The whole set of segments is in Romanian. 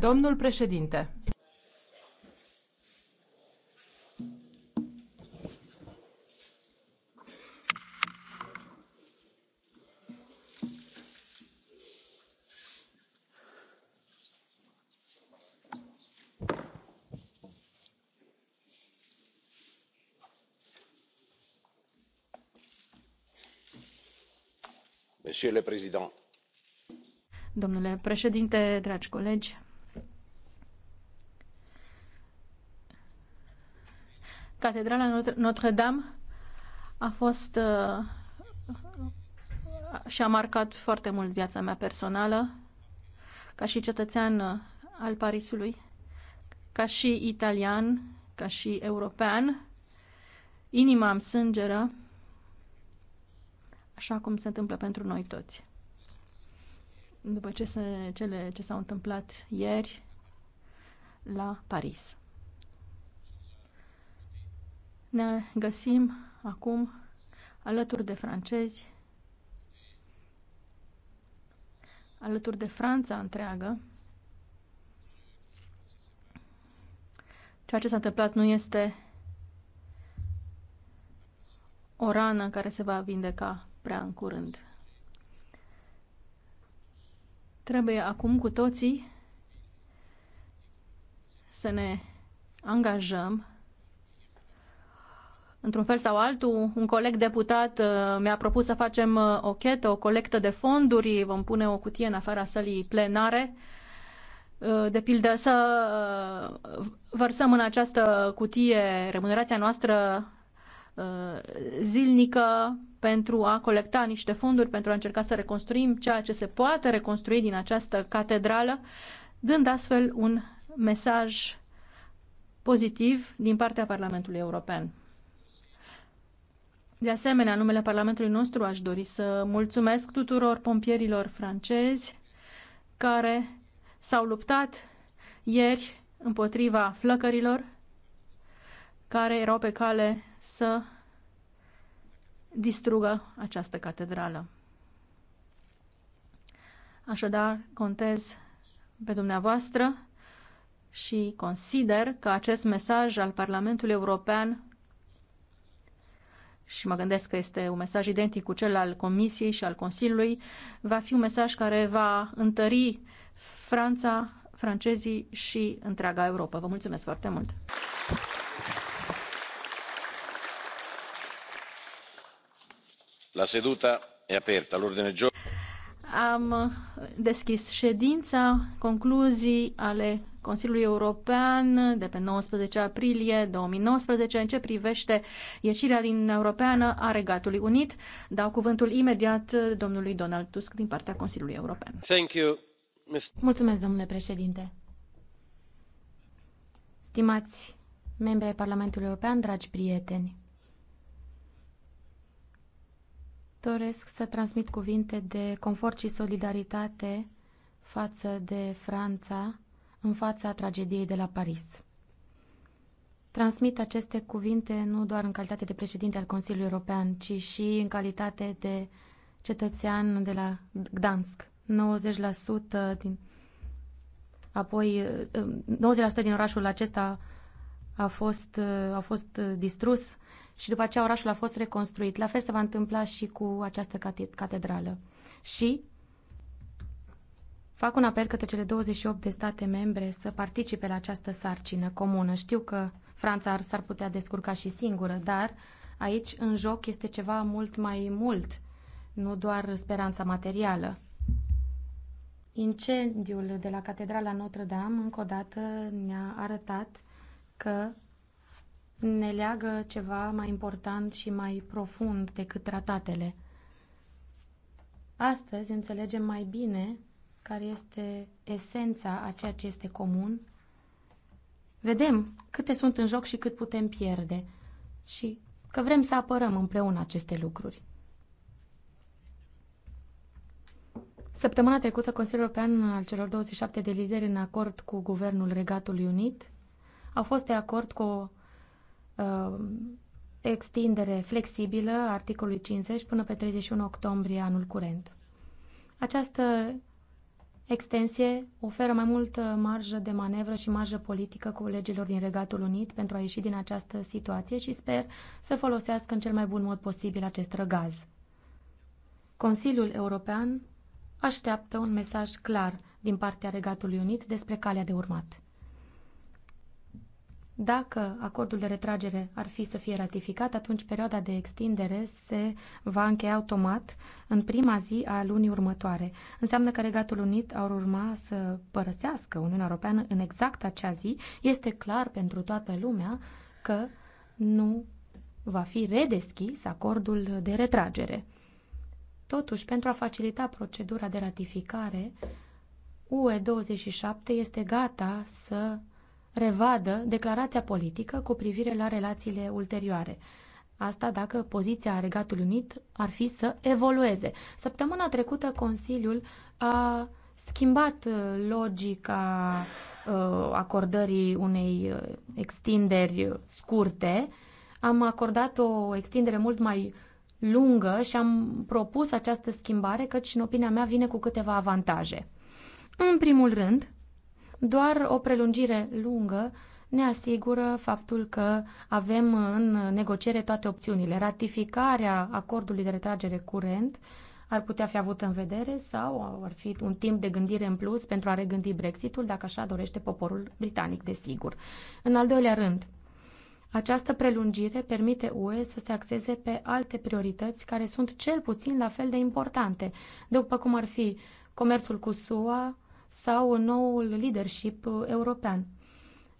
Domnul președinte. domnule președinte dragi colegi Catedrala Notre-Dame a fost uh, și a marcat foarte mult viața mea personală ca și cetățean uh, al Parisului, ca și italian, ca și european. Inima am sângeră, așa cum se întâmplă pentru noi toți. După ce se, cele ce s-au întâmplat ieri la Paris. Ne găsim acum alături de francezi, alături de Franța întreagă. Ceea ce s-a întâmplat nu este o rană care se va vindeca prea în curând. Trebuie acum cu toții să ne angajăm într-un fel sau altul, un coleg deputat uh, mi-a propus să facem uh, o chetă, o colectă de fonduri, vom pune o cutie în afara sălii plenare, uh, de pildă să vărsăm în această cutie remunerația noastră zilnică pentru a colecta niște fonduri, pentru a încerca să reconstruim ceea ce se poate reconstrui din această catedrală, dând astfel un mesaj pozitiv din partea Parlamentului European. De asemenea, în numele Parlamentului nostru aș dori să mulțumesc tuturor pompierilor francezi care s-au luptat ieri împotriva flăcărilor care erau pe cale să distrugă această catedrală. Așadar, contez pe dumneavoastră și consider că acest mesaj al Parlamentului European și mă gândesc că este un mesaj identic cu cel al Comisiei și al Consiliului, va fi un mesaj care va întări Franța, francezii și întreaga Europa. Vă mulțumesc foarte mult! La seduta e aperta. L'ordine giorno am deschis ședința, concluzii ale Consiliului European de pe 19 aprilie 2019 în ce privește ieșirea din Europeană a Regatului Unit. Dau cuvântul imediat domnului Donald Tusk din partea Consiliului European. Thank you. Mulțumesc, domnule președinte. Stimați membri ai Parlamentului European, dragi prieteni, Doresc să transmit cuvinte de confort și solidaritate față de Franța în fața tragediei de la Paris. Transmit aceste cuvinte nu doar în calitate de președinte al Consiliului European, ci și în calitate de cetățean de la Gdansk. 90% din apoi 90% eh, din orașul acesta a fost, eh, a fost distrus și după aceea orașul a fost reconstruit. La fel se va întâmpla și cu această catedrală. Și fac un apel către cele 28 de state membre să participe la această sarcină comună. Știu că Franța s-ar putea descurca și singură, dar aici în joc este ceva mult mai mult, nu doar speranța materială. Incendiul de la Catedrala Notre-Dame încă o dată ne-a arătat că ne leagă ceva mai important și mai profund decât tratatele. Astăzi înțelegem mai bine care este esența a ceea ce este comun. Vedem câte sunt în joc și cât putem pierde și că vrem să apărăm împreună aceste lucruri. Săptămâna trecută, Consiliul European al celor 27 de lideri în acord cu Guvernul Regatului Unit au fost de acord cu o Uh, extindere flexibilă a articolului 50 până pe 31 octombrie anul curent. Această extensie oferă mai multă marjă de manevră și marjă politică colegilor din Regatul Unit pentru a ieși din această situație și sper să folosească în cel mai bun mod posibil acest răgaz. Consiliul European așteaptă un mesaj clar din partea Regatului Unit despre calea de urmat. Dacă acordul de retragere ar fi să fie ratificat, atunci perioada de extindere se va încheia automat în prima zi a lunii următoare. Înseamnă că Regatul Unit ar urma să părăsească Uniunea Europeană în exact acea zi. Este clar pentru toată lumea că nu va fi redeschis acordul de retragere. Totuși, pentru a facilita procedura de ratificare, UE27 este gata să revadă declarația politică cu privire la relațiile ulterioare. Asta dacă poziția Regatului Unit ar fi să evolueze. Săptămâna trecută Consiliul a schimbat uh, logica uh, acordării unei uh, extinderi scurte. Am acordat o extindere mult mai lungă și am propus această schimbare, căci în opinia mea vine cu câteva avantaje. În primul rând, doar o prelungire lungă ne asigură faptul că avem în negociere toate opțiunile. Ratificarea acordului de retragere curent ar putea fi avută în vedere sau ar fi un timp de gândire în plus pentru a regândi Brexitul, dacă așa dorește poporul britanic, desigur. În al doilea rând, această prelungire permite UE să se axeze pe alte priorități care sunt cel puțin la fel de importante, după cum ar fi comerțul cu SUA, sau noul leadership uh, european.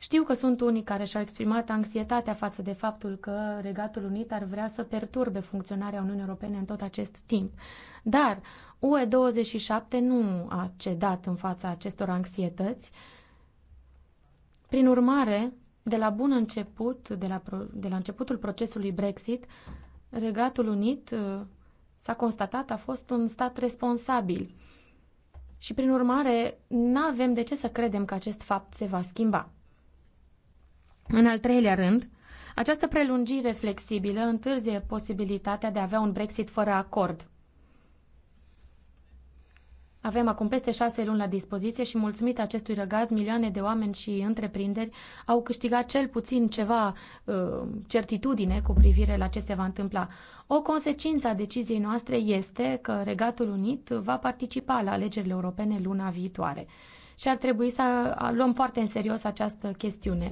Știu că sunt unii care și-au exprimat anxietatea față de faptul că Regatul Unit ar vrea să perturbe funcționarea Uniunii Europene în tot acest timp. Dar UE27 nu a cedat în fața acestor anxietăți. Prin urmare, de la bun început, de la, de la începutul procesului Brexit, Regatul Unit uh, s-a constatat a fost un stat responsabil și, prin urmare, nu avem de ce să credem că acest fapt se va schimba. În al treilea rând, această prelungire flexibilă întârzie posibilitatea de a avea un Brexit fără acord. Avem acum peste șase luni la dispoziție și mulțumit acestui răgaz, milioane de oameni și întreprinderi au câștigat cel puțin ceva uh, certitudine cu privire la ce se va întâmpla. O consecință a deciziei noastre este că Regatul Unit va participa la alegerile europene luna viitoare și ar trebui să luăm foarte în serios această chestiune.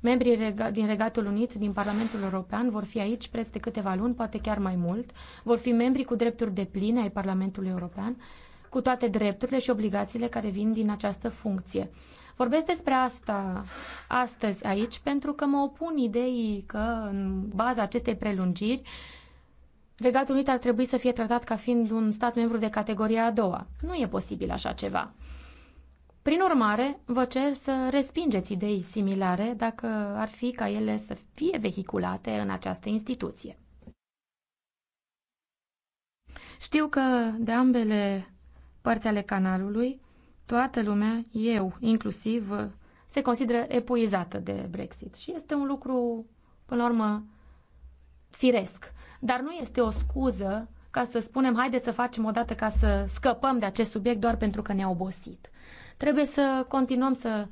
Membrii din Regatul Unit, din Parlamentul European, vor fi aici peste câteva luni, poate chiar mai mult. Vor fi membri cu drepturi de pline ai Parlamentului European cu toate drepturile și obligațiile care vin din această funcție. Vorbesc despre asta astăzi aici pentru că mă opun ideii că în baza acestei prelungiri Regatul Unit ar trebui să fie tratat ca fiind un stat membru de categoria a doua. Nu e posibil așa ceva. Prin urmare, vă cer să respingeți idei similare dacă ar fi ca ele să fie vehiculate în această instituție. Știu că de ambele părți ale canalului, toată lumea, eu inclusiv, se consideră epuizată de Brexit. Și este un lucru, până la urmă, firesc. Dar nu este o scuză ca să spunem, haideți să facem o dată ca să scăpăm de acest subiect doar pentru că ne-a obosit. Trebuie să continuăm să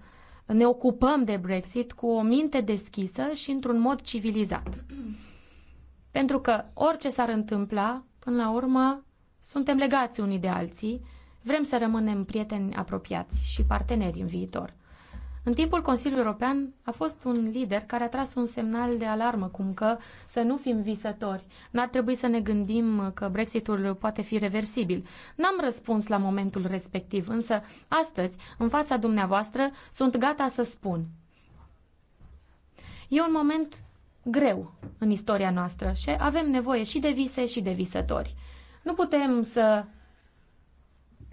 ne ocupăm de Brexit cu o minte deschisă și într-un mod civilizat. Pentru că orice s-ar întâmpla, până la urmă, suntem legați unii de alții Vrem să rămânem prieteni apropiați și parteneri în viitor. În timpul Consiliului European a fost un lider care a tras un semnal de alarmă, cum că să nu fim visători. N-ar trebui să ne gândim că Brexitul poate fi reversibil. N-am răspuns la momentul respectiv, însă astăzi, în fața dumneavoastră, sunt gata să spun. E un moment greu în istoria noastră și avem nevoie și de vise și de visători. Nu putem să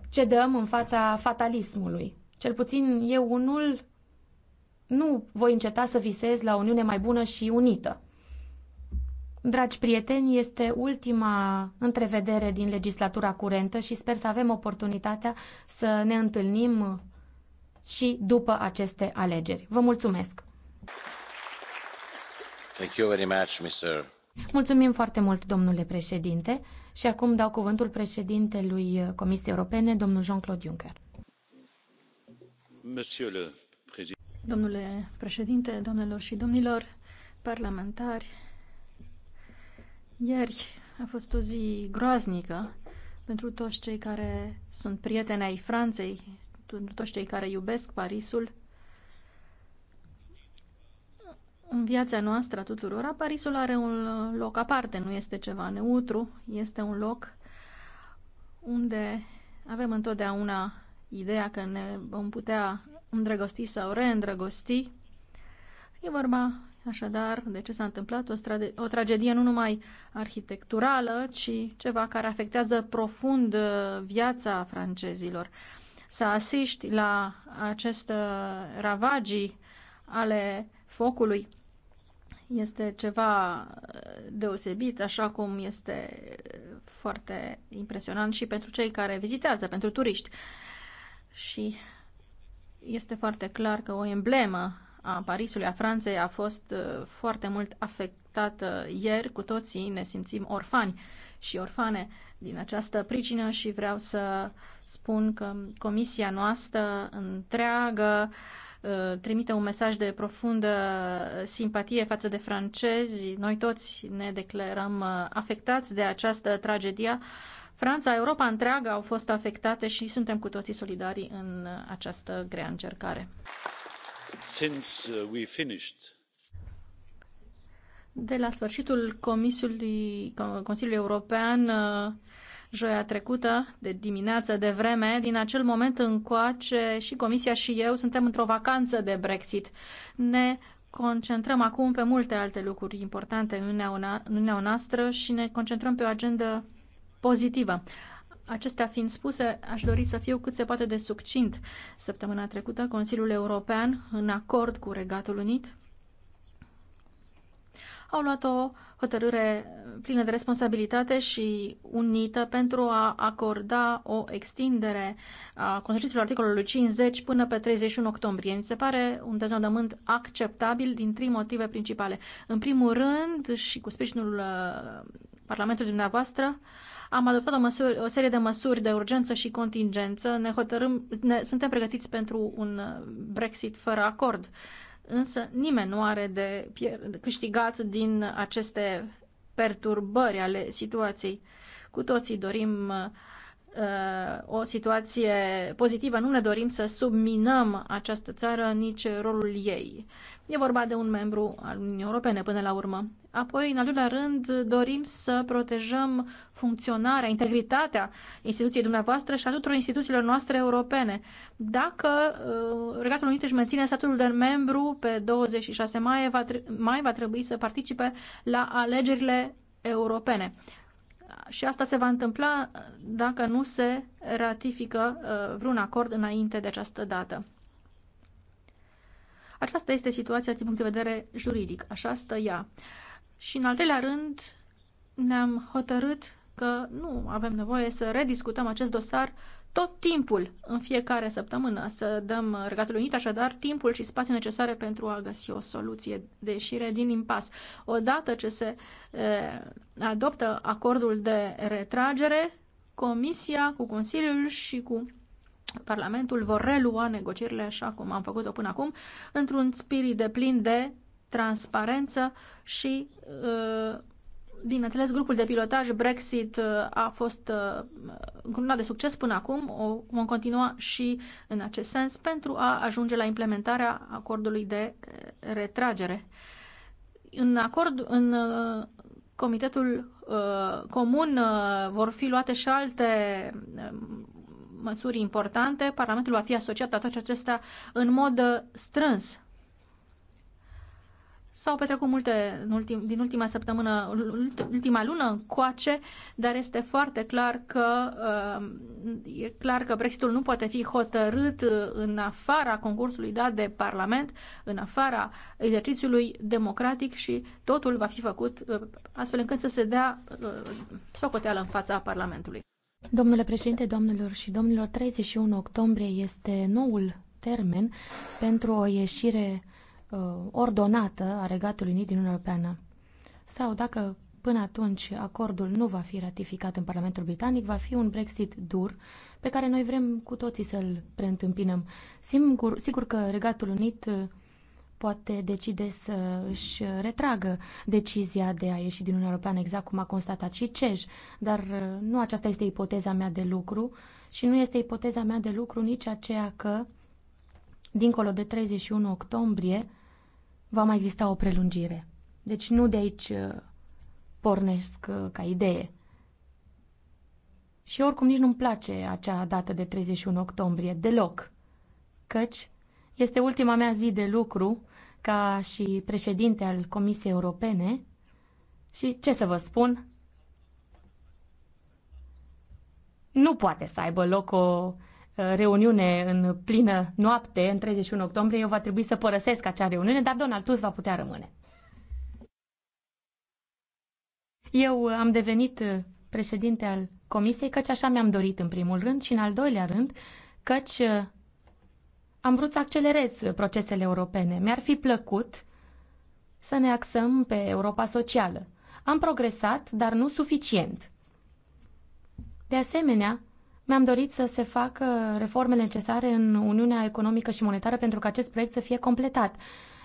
cedăm în fața fatalismului. Cel puțin eu unul nu voi înceta să visez la o Uniune mai bună și unită. Dragi prieteni, este ultima întrevedere din legislatura curentă și sper să avem oportunitatea să ne întâlnim și după aceste alegeri. Vă mulțumesc! Thank you very much, Mr. Mulțumim foarte mult, domnule președinte. Și acum dau cuvântul președintelui Comisiei Europene, domnul Jean-Claude Juncker. Domnule președinte, domnilor și domnilor parlamentari, ieri a fost o zi groaznică pentru toți cei care sunt prieteni ai Franței, pentru toți cei care iubesc Parisul În viața noastră a tuturor, Parisul are un uh, loc aparte, nu este ceva neutru, este un loc unde avem întotdeauna ideea că ne vom putea îndrăgosti sau reîndrăgosti. E vorba așadar de ce s-a întâmplat, o, o tragedie nu numai arhitecturală, ci ceva care afectează profund uh, viața francezilor. Să asiști la aceste ravagii ale focului este ceva uh, deosebit, așa cum este uh, foarte impresionant și pentru cei care vizitează, pentru turiști. Și este foarte clar că o emblemă a Parisului, a Franței, a fost uh, foarte mult afectată ieri. Cu toții ne simțim orfani și orfane din această pricină și vreau să spun că comisia noastră întreagă uh, Uh, trimite un mesaj de profundă simpatie față de francezi. Noi toți ne declarăm uh, afectați de această tragedie. Franța, Europa întreagă au fost afectate și suntem cu toții solidari în uh, această grea încercare. Since we finished de la sfârșitul Consiliului European joia trecută, de dimineață, de vreme. Din acel moment încoace și Comisia și eu suntem într-o vacanță de Brexit. Ne concentrăm acum pe multe alte lucruri importante în Uniunea noastră și ne concentrăm pe o agendă pozitivă. Acestea fiind spuse, aș dori să fiu cât se poate de succint. Săptămâna trecută, Consiliul European, în acord cu Regatul Unit, au luat o hotărâre plină de responsabilitate și unită pentru a acorda o extindere a consecințelor articolului 50 până pe 31 octombrie. Mi se pare un deznodământ acceptabil din trei motive principale. În primul rând, și cu sprijinul uh, Parlamentului dumneavoastră, am adoptat o, măsuri, o serie de măsuri de urgență și contingență. Ne hotărâm, ne, suntem pregătiți pentru un uh, Brexit fără acord însă nimeni nu are de câștigat din aceste perturbări ale situației. Cu toții dorim uh, Uh, o situație pozitivă. Nu ne dorim să subminăm această țară, nici rolul ei. E vorba de un membru al Uniunii Europene până la urmă. Apoi, în al doilea rând, dorim să protejăm funcționarea, integritatea instituției dumneavoastră și a tuturor instituțiilor noastre europene. Dacă uh, Regatul Unit își menține statul de membru pe 26 mai, va, mai va trebui să participe la alegerile europene și asta se va întâmpla uh, dacă nu se ratifică uh, vreun acord înainte de această dată. Aceasta este situația din punct de vedere juridic, așa stă ea. Și în al treilea rând ne-am hotărât că nu avem nevoie să rediscutăm acest dosar tot timpul în fiecare săptămână, să dăm Regatul Unit așadar timpul și spațiul necesare pentru a găsi o soluție de ieșire din impas. Odată ce se e, adoptă acordul de retragere, Comisia cu Consiliul și cu Parlamentul vor relua negocierile așa cum am făcut-o până acum, într-un spirit de plin de transparență și uh, Bineînțeles, grupul de pilotaj Brexit uh, a fost uh, încununat de succes până acum, o vom continua și în acest sens pentru a ajunge la implementarea acordului de uh, retragere. În acord, în Comitetul Comun vor fi luate și alte măsuri importante. Parlamentul va fi asociat la toate acestea în mod strâns S-au petrecut multe în ultim, din ultima săptămână, ultima lună încoace, dar este foarte clar că uh, e clar că Brexitul nu poate fi hotărât în afara concursului dat de Parlament, în afara exercițiului democratic și totul va fi făcut uh, astfel încât să se dea uh, socoteală în fața Parlamentului. Domnule președinte, doamnelor și domnilor, 31 octombrie este noul termen pentru o ieșire Uh, ordonată a Regatului Unit din Uniunea Europeană. Sau dacă până atunci acordul nu va fi ratificat în Parlamentul Britanic, va fi un Brexit dur pe care noi vrem cu toții să-l preîntâmpinăm. Singur, sigur că Regatul Unit uh, poate decide să își retragă decizia de a ieși din Uniunea Europeană, exact cum a constatat și CEJ, dar uh, nu aceasta este ipoteza mea de lucru și nu este ipoteza mea de lucru nici aceea că, dincolo de 31 octombrie, va mai exista o prelungire. Deci nu de aici uh, pornesc uh, ca idee. Și oricum nici nu-mi place acea dată de 31 octombrie, deloc, căci este ultima mea zi de lucru ca și președinte al Comisiei Europene și, ce să vă spun, nu poate să aibă loc o reuniune în plină noapte, în 31 octombrie, eu va trebui să părăsesc acea reuniune, dar Donald Tusk va putea rămâne. Eu am devenit președinte al comisiei, căci așa mi-am dorit în primul rând și în al doilea rând, căci am vrut să accelerez procesele europene. Mi-ar fi plăcut să ne axăm pe Europa socială. Am progresat, dar nu suficient. De asemenea, mi-am dorit să se facă reformele necesare în Uniunea Economică și Monetară pentru ca acest proiect să fie completat.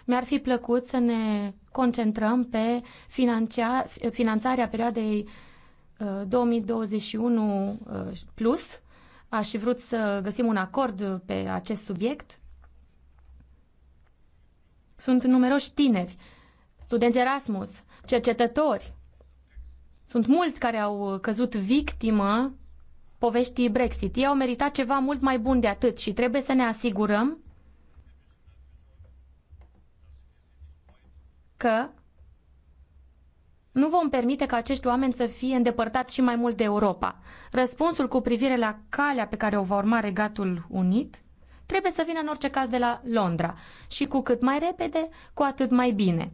Mi-ar fi plăcut să ne concentrăm pe financia, finanțarea perioadei 2021 uh, uh, plus. Aș fi vrut să găsim un acord pe acest subiect. Sunt numeroși tineri, studenți Erasmus, cercetători. Sunt mulți care au căzut victimă poveștii Brexit. Ei au meritat ceva mult mai bun de atât și trebuie să ne asigurăm că nu vom permite ca acești oameni să fie îndepărtați și mai mult de Europa. Răspunsul cu privire la calea pe care o va urma Regatul Unit trebuie să vină în orice caz de la Londra și cu cât mai repede, cu atât mai bine.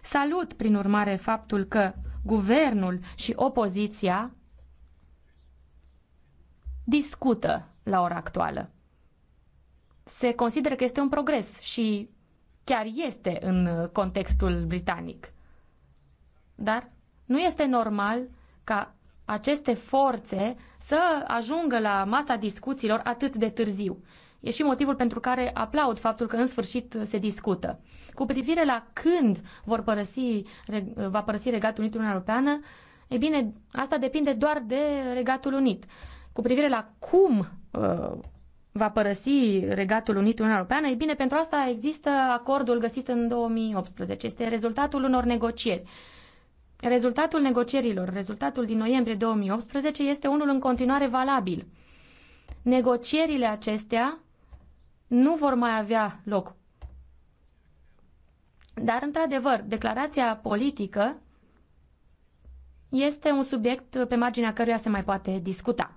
Salut, prin urmare, faptul că guvernul și opoziția discută la ora actuală. Se consideră că este un progres și chiar este în contextul britanic. Dar nu este normal ca aceste forțe să ajungă la masa discuțiilor atât de târziu. E și motivul pentru care aplaud faptul că în sfârșit se discută. Cu privire la când vor părăsi, va părăsi Regatul Unit Uniunea Europeană, e bine, asta depinde doar de Regatul Unit cu privire la cum uh, va părăsi Regatul Unit Uniunea Europeană, e bine, pentru asta există acordul găsit în 2018. Este rezultatul unor negocieri. Rezultatul negocierilor, rezultatul din noiembrie 2018, este unul în continuare valabil. Negocierile acestea nu vor mai avea loc. Dar, într-adevăr, declarația politică este un subiect pe marginea căruia se mai poate discuta.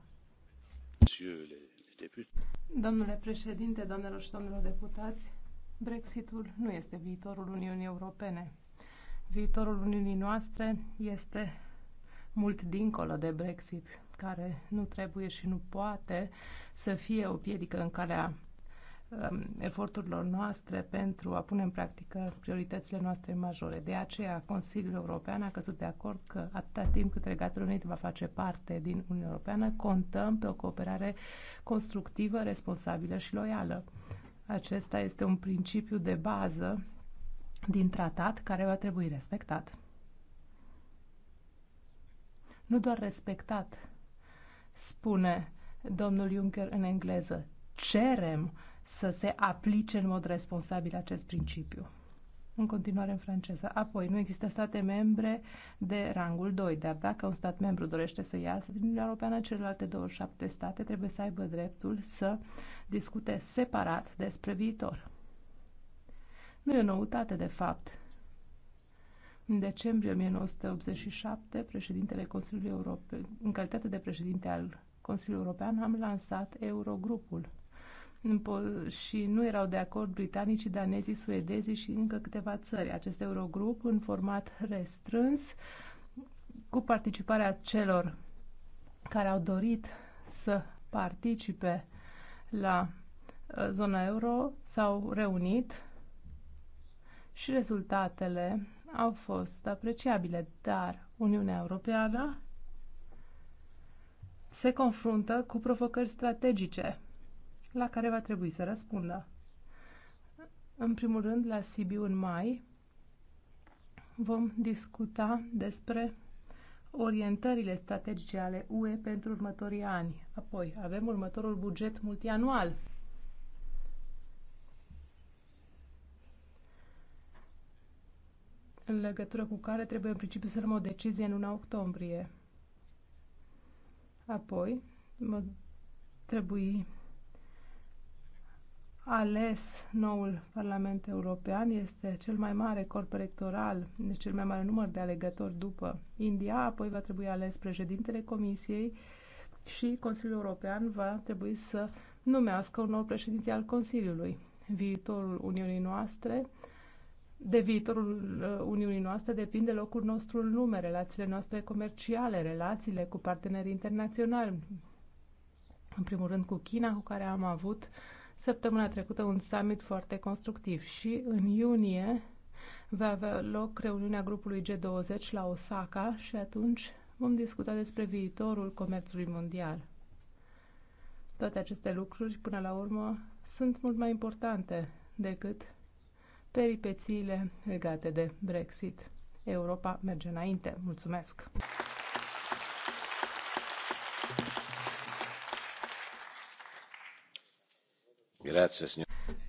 Domnule președinte, doamnelor și domnilor deputați, Brexitul nu este viitorul Uniunii Europene. Viitorul Uniunii noastre este mult dincolo de Brexit, care nu trebuie și nu poate să fie o piedică în calea Um, eforturilor noastre pentru a pune în practică prioritățile noastre majore. De aceea, Consiliul European a căzut de acord că atâta timp cât Regatul Unit va face parte din Uniunea Europeană, contăm pe o cooperare constructivă, responsabilă și loială. Acesta este un principiu de bază din tratat care va trebui respectat. Nu doar respectat, spune domnul Juncker în engleză, cerem să se aplice în mod responsabil acest principiu. În continuare în franceză. Apoi, nu există state membre de rangul 2, dar dacă un stat membru dorește să iasă din Uniunea Europeană, celelalte 27 state trebuie să aibă dreptul să discute separat despre viitor. Nu e o noutate, de fapt. În decembrie 1987, președintele Consiliului European, în calitate de președinte al Consiliului European, am lansat Eurogrupul și nu erau de acord britanicii, danezii, suedezii și încă câteva țări. Acest Eurogrup în format restrâns cu participarea celor care au dorit să participe la ă, zona euro s-au reunit și rezultatele au fost apreciabile, dar Uniunea Europeană se confruntă cu provocări strategice la care va trebui să răspundă. În primul rând, la Sibiu în mai, vom discuta despre orientările strategice ale UE pentru următorii ani. Apoi, avem următorul buget multianual. în legătură cu care trebuie în principiu să luăm o decizie în luna octombrie. Apoi, va trebui ales noul Parlament European, este cel mai mare corp electoral, deci cel mai mare număr de alegători după India, apoi va trebui ales președintele Comisiei și Consiliul European va trebui să numească un nou președinte al Consiliului. Viitorul Uniunii noastre de viitorul uh, Uniunii noastre depinde locul nostru în lume, relațiile noastre comerciale, relațiile cu partenerii internaționali, în primul rând cu China, cu care am avut uh, săptămâna trecută un summit foarte constructiv și în iunie va avea loc reuniunea grupului G20 la Osaka și atunci vom discuta despre viitorul comerțului mondial. Toate aceste lucruri, până la urmă, sunt mult mai importante decât peripețiile legate de Brexit. Europa merge înainte. Mulțumesc!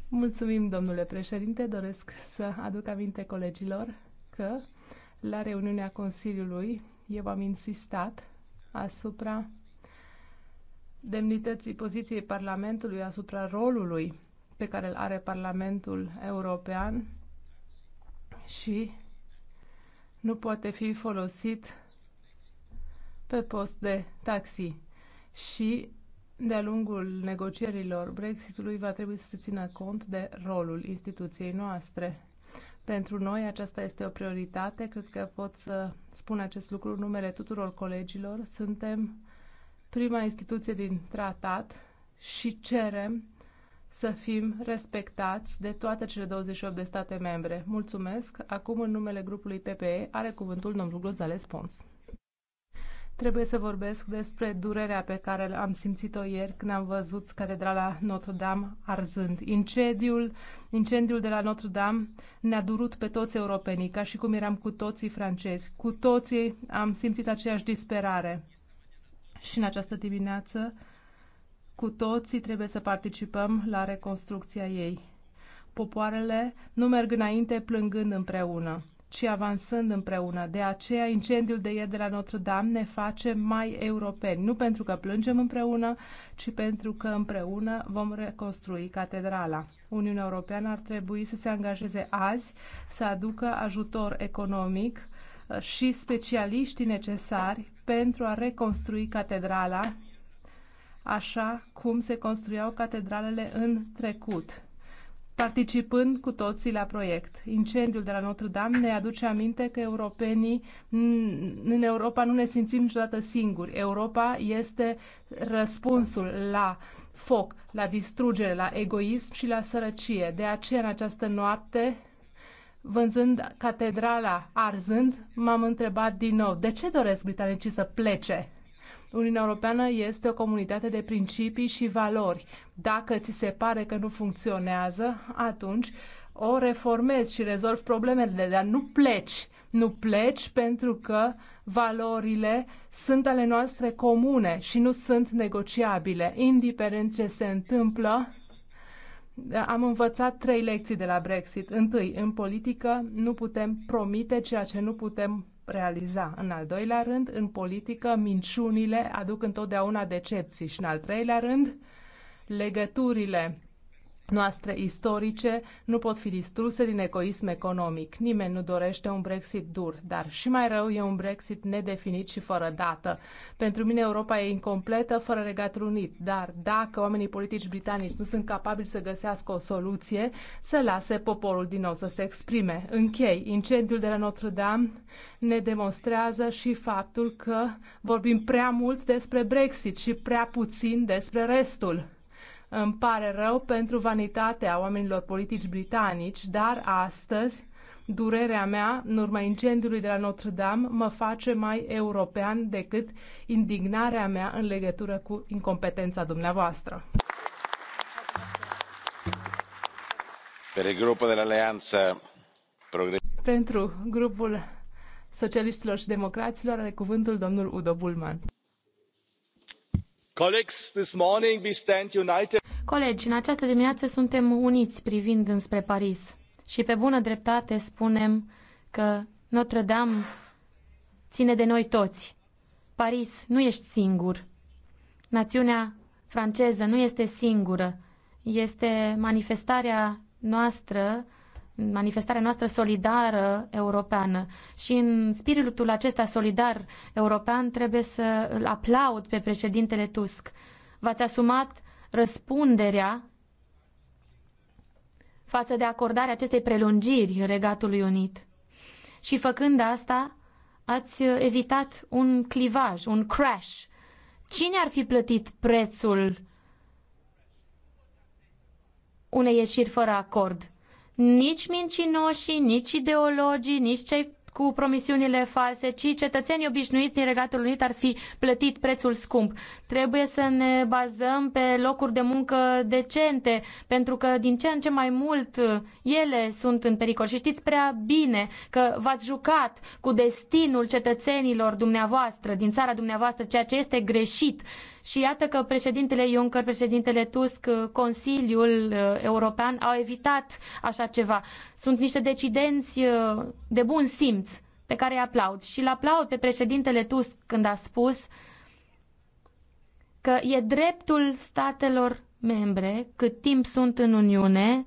Mulțumim, domnule președinte. Doresc să aduc aminte colegilor că la reuniunea Consiliului eu am insistat asupra demnității poziției Parlamentului, asupra rolului pe care îl are Parlamentul European și nu poate fi folosit pe post de taxi. Și de-a lungul negocierilor Brexitului va trebui să se țină cont de rolul instituției noastre. Pentru noi aceasta este o prioritate, cred că pot să spun acest lucru în numele tuturor colegilor. Suntem prima instituție din tratat și cerem să fim respectați de toate cele 28 de state membre. Mulțumesc. Acum, în numele grupului PPE, are cuvântul domnul González Pons Trebuie să vorbesc despre durerea pe care am simțit-o ieri când am văzut catedrala Notre-Dame arzând. Incendiul, incendiul de la Notre-Dame ne-a durut pe toți europenii, ca și cum eram cu toții francezi. Cu toții am simțit aceeași disperare. Și în această dimineață, cu toții trebuie să participăm la reconstrucția ei. Popoarele nu merg înainte plângând împreună ci avansând împreună. De aceea, incendiul de ieri de la Notre-Dame ne face mai europeni, nu pentru că plângem împreună, ci pentru că împreună vom reconstrui catedrala. Uniunea Europeană ar trebui să se angajeze azi să aducă ajutor economic uh, și specialiștii necesari pentru a reconstrui catedrala așa cum se construiau catedralele în trecut participând cu toții la proiect. Incendiul de la Notre-Dame ne aduce aminte că europenii în Europa nu ne simțim niciodată singuri. Europa este răspunsul la foc, la distrugere, la egoism și la sărăcie. De aceea, în această noapte, vânzând catedrala arzând, m-am întrebat din nou, de ce doresc britanicii să plece? Uniunea Europeană este o comunitate de principii și valori. Dacă ți se pare că nu funcționează, atunci o reformezi și rezolvi problemele, dar nu pleci. Nu pleci pentru că valorile sunt ale noastre comune și nu sunt negociabile. Indiferent ce se întâmplă, am învățat trei lecții de la Brexit. Întâi, în politică nu putem promite ceea ce nu putem realiza. În al doilea rând, în politică, minciunile aduc întotdeauna decepții și în al treilea rând, legăturile noastre istorice nu pot fi distruse din egoism economic. Nimeni nu dorește un Brexit dur, dar și mai rău e un Brexit nedefinit și fără dată. Pentru mine Europa e incompletă, fără regatul unit, dar dacă oamenii politici britanici nu sunt capabili să găsească o soluție, să lase poporul din nou să se exprime. Închei, incendiul de la Notre-Dame ne demonstrează și faptul că vorbim prea mult despre Brexit și prea puțin despre restul îmi pare rău pentru vanitatea oamenilor politici britanici, dar astăzi durerea mea în urma incendiului de la Notre-Dame mă face mai european decât indignarea mea în legătură cu incompetența dumneavoastră. Pentru grupul socialiștilor și democraților are cuvântul domnul Udo Bulman. Colegi, în această dimineață suntem uniți privind înspre Paris și pe bună dreptate spunem că Notre Dame ține de noi toți. Paris, nu ești singur. Națiunea franceză nu este singură. Este manifestarea noastră manifestarea noastră solidară europeană. Și în spiritul acesta solidar european trebuie să îl aplaud pe președintele Tusk. V-ați asumat răspunderea față de acordarea acestei prelungiri Regatului Unit. Și făcând asta, ați evitat un clivaj, un crash. Cine ar fi plătit prețul unei ieșiri fără acord? nici mincinoșii, nici ideologii, nici cei cu promisiunile false, ci cetățenii obișnuiți din Regatul Unit ar fi plătit prețul scump. Trebuie să ne bazăm pe locuri de muncă decente, pentru că din ce în ce mai mult uh, ele sunt în pericol. Și știți prea bine că v-ați jucat cu destinul cetățenilor dumneavoastră, din țara dumneavoastră, ceea ce este greșit. Și iată că președintele Juncker, președintele Tusk, uh, Consiliul uh, European au evitat așa ceva. Sunt niște decidenți uh, de bun simț pe care îi aplaud. Și îl aplaud pe președintele Tusk când a spus că e dreptul statelor membre, cât timp sunt în Uniune,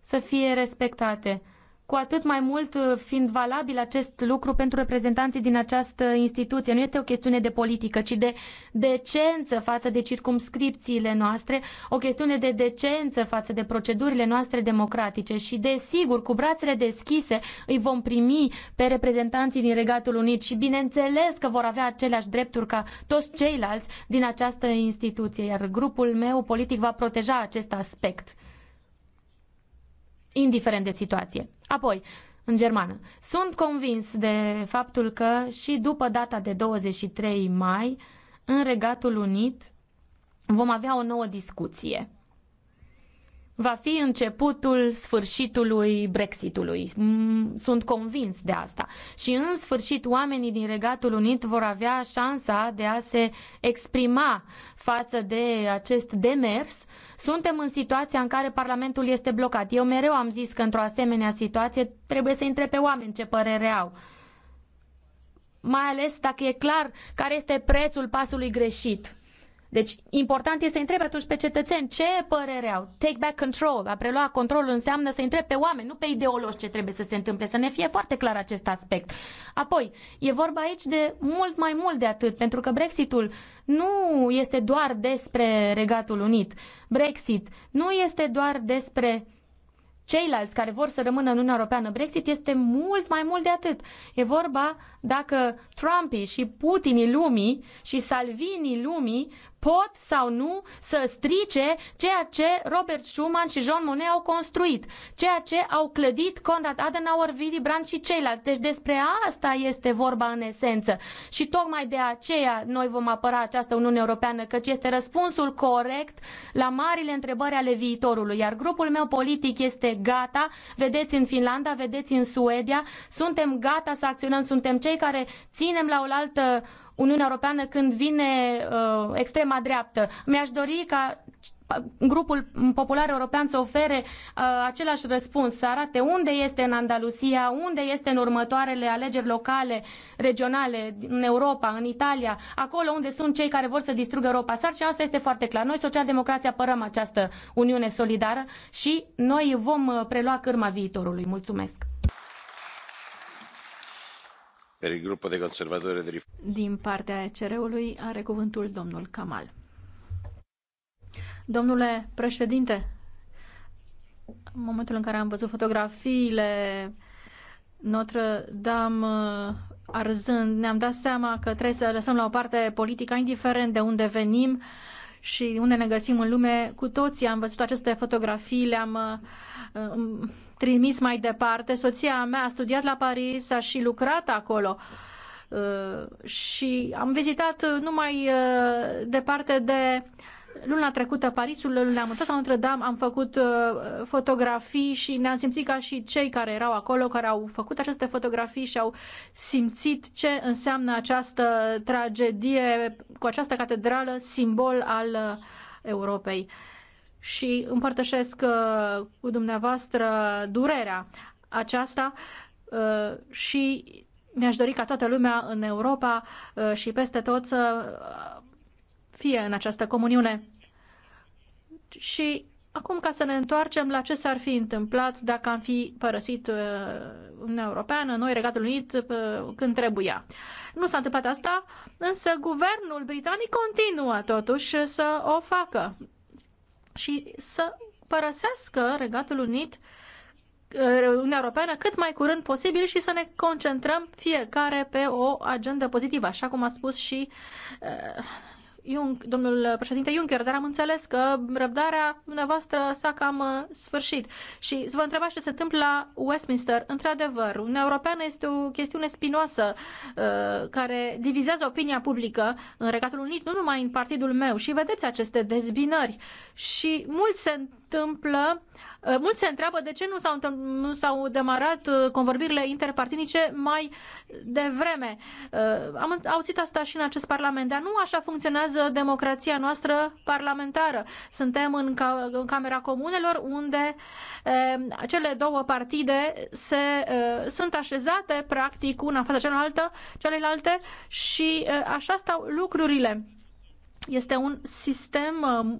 să fie respectate cu atât mai mult uh, fiind valabil acest lucru pentru reprezentanții din această instituție. Nu este o chestiune de politică, ci de decență față de circumscripțiile noastre, o chestiune de decență față de procedurile noastre democratice și, desigur, cu brațele deschise îi vom primi pe reprezentanții din Regatul Unit și, bineînțeles, că vor avea aceleași drepturi ca toți ceilalți din această instituție, iar grupul meu politic va proteja acest aspect indiferent de situație. Apoi, în germană. Sunt convins de faptul că și după data de 23 mai, în Regatul Unit, vom avea o nouă discuție va fi începutul sfârșitului Brexitului. Mm, sunt convins de asta. Și în sfârșit oamenii din Regatul Unit vor avea șansa de a se exprima față de acest demers. Suntem în situația în care Parlamentul este blocat. Eu mereu am zis că într-o asemenea situație trebuie să intre pe oameni ce părere au mai ales dacă e clar care este prețul pasului greșit. Deci, important este să întrebi atunci pe cetățeni ce părere au. Take back control, a prelua controlul înseamnă să întrebi pe oameni, nu pe ideologi ce trebuie să se întâmple, să ne fie foarte clar acest aspect. Apoi, e vorba aici de mult mai mult de atât, pentru că Brexitul nu este doar despre Regatul Unit. Brexit nu este doar despre ceilalți care vor să rămână în Uniunea Europeană, Brexit este mult mai mult de atât. E vorba dacă Trumpii și Putinii lumii și Salvinii lumii pot sau nu să strice ceea ce Robert Schuman și Jean Monnet au construit, ceea ce au clădit Konrad Adenauer, Willy Brandt și ceilalți. Deci despre asta este vorba în esență. Și tocmai de aceea noi vom apăra această Uniune Europeană, căci este răspunsul corect la marile întrebări ale viitorului. Iar grupul meu politic este gata, vedeți în Finlanda, vedeți în Suedia, suntem gata să acționăm, suntem cei care ținem la oaltă Uniunea Europeană când vine uh, extrema dreaptă. Mi-aș dori ca grupul popular european să ofere uh, același răspuns, să arate unde este în Andalusia, unde este în următoarele alegeri locale, regionale, în Europa, în Italia, acolo unde sunt cei care vor să distrugă Europa. Sarcina asta este foarte clar. Noi, Socialdemocrația apărăm această Uniune solidară și noi vom uh, prelua cârma viitorului. Mulțumesc! Din partea ECR-ului are cuvântul domnul Kamal. Domnule președinte, în momentul în care am văzut fotografiile Notre-Dame uh, arzând, ne-am dat seama că trebuie să lăsăm la o parte politica, indiferent de unde venim și unde ne găsim în lume. Cu toții am văzut aceste fotografii, le-am uh, um, trimis mai departe. Soția mea a studiat la Paris, a și lucrat acolo. Uh, și am vizitat uh, numai uh, departe de luna trecută Parisul, ne-am întors la Notre Dame, am făcut fotografii și ne-am simțit ca și cei care erau acolo, care au făcut aceste fotografii și au simțit ce înseamnă această tragedie cu această catedrală, simbol al Europei. Uh, și împărtășesc uh, cu dumneavoastră durerea aceasta uh, și mi-aș dori ca toată lumea în Europa uh, și peste tot să fie în această comuniune. Și acum ca să ne întoarcem la ce s-ar fi întâmplat dacă am fi părăsit Uniunea Europeană, noi Regatul Unit, când trebuia. Nu s-a întâmplat asta, însă guvernul britanic continuă totuși să o facă și să părăsească Regatul Unit uh, Uniunea Europeană cât mai curând posibil și să ne concentrăm fiecare pe o agendă pozitivă, așa cum a spus și uh, Jun- domnul președinte Juncker, dar am înțeles că răbdarea dumneavoastră s-a cam uh, sfârșit. Și să vă întrebați ce se întâmplă la Westminster. Într-adevăr, Uniunea Europeană este o chestiune spinoasă uh, care divizează opinia publică în Regatul Unit, nu numai în partidul meu. Și vedeți aceste dezbinări. Și mult se întâmplă uh, Uh, mulți se întreabă de ce nu s-au, nu s-au demarat uh, convorbirile interpartinice mai devreme. Uh, am auzit asta și în acest parlament, dar nu așa funcționează democrația noastră parlamentară. Suntem în, ca, în Camera Comunelor, unde eh, cele două partide se, eh, sunt așezate, practic, una față cealaltă, celelalte și eh, așa stau lucrurile este un sistem um,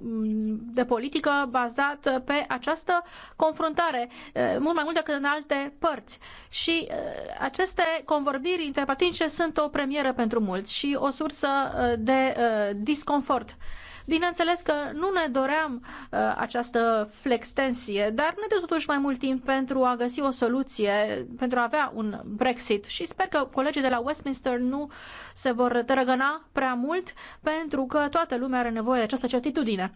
de politică bazat pe această confruntare, uh, mult mai mult decât în alte părți. Și uh, aceste convorbiri interpartinice sunt o premieră pentru mulți și o sursă uh, de disconfort. Bineînțeles că nu ne doream uh, această flextensie, dar ne dă totuși mai mult timp pentru a găsi o soluție, pentru a avea un Brexit și sper că colegii de la Westminster nu se vor tărăgăna prea mult pentru că toată lumea are nevoie de această certitudine.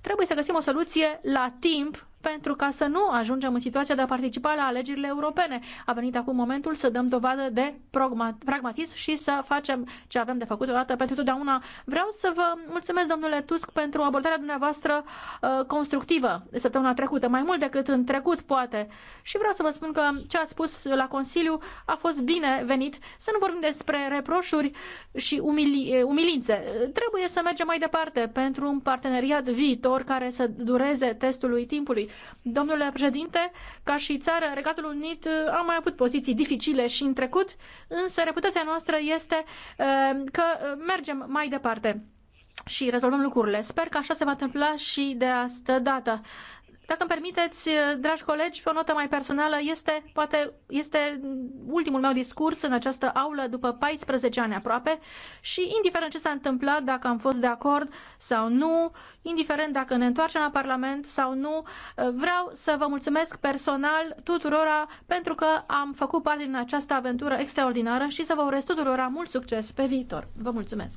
Trebuie să găsim o soluție la timp pentru ca să nu ajungem în situația de a participa la alegerile europene. A venit acum momentul să dăm dovadă de pragmatism și să facem ce avem de făcut odată pentru totdeauna. Vreau să vă mulțumesc, domnule Tusk, pentru abordarea dumneavoastră uh, constructivă săptămâna trecută, mai mult decât în trecut, poate. Și vreau să vă spun că ce ați spus la Consiliu a fost bine venit, să nu vorbim despre reproșuri și umili, uh, umilințe. Trebuie să mergem mai departe pentru un parteneriat viitor care să dureze testului timpului. Domnule președinte, ca și țară, Regatul Unit uh, a mai avut poziții dificile și în trecut, însă reputația noastră este uh, că uh, mergem mai departe și rezolvăm lucrurile. Sper că așa se va întâmpla și de astă dată. Dacă îmi permiteți, dragi colegi, pe o notă mai personală, este, poate, este ultimul meu discurs în această aulă după 14 ani aproape și indiferent ce s-a întâmplat, dacă am fost de acord sau nu, indiferent dacă ne întoarcem la Parlament sau nu, vreau să vă mulțumesc personal tuturora pentru că am făcut parte din această aventură extraordinară și să vă urez tuturora mult succes pe viitor. Vă mulțumesc!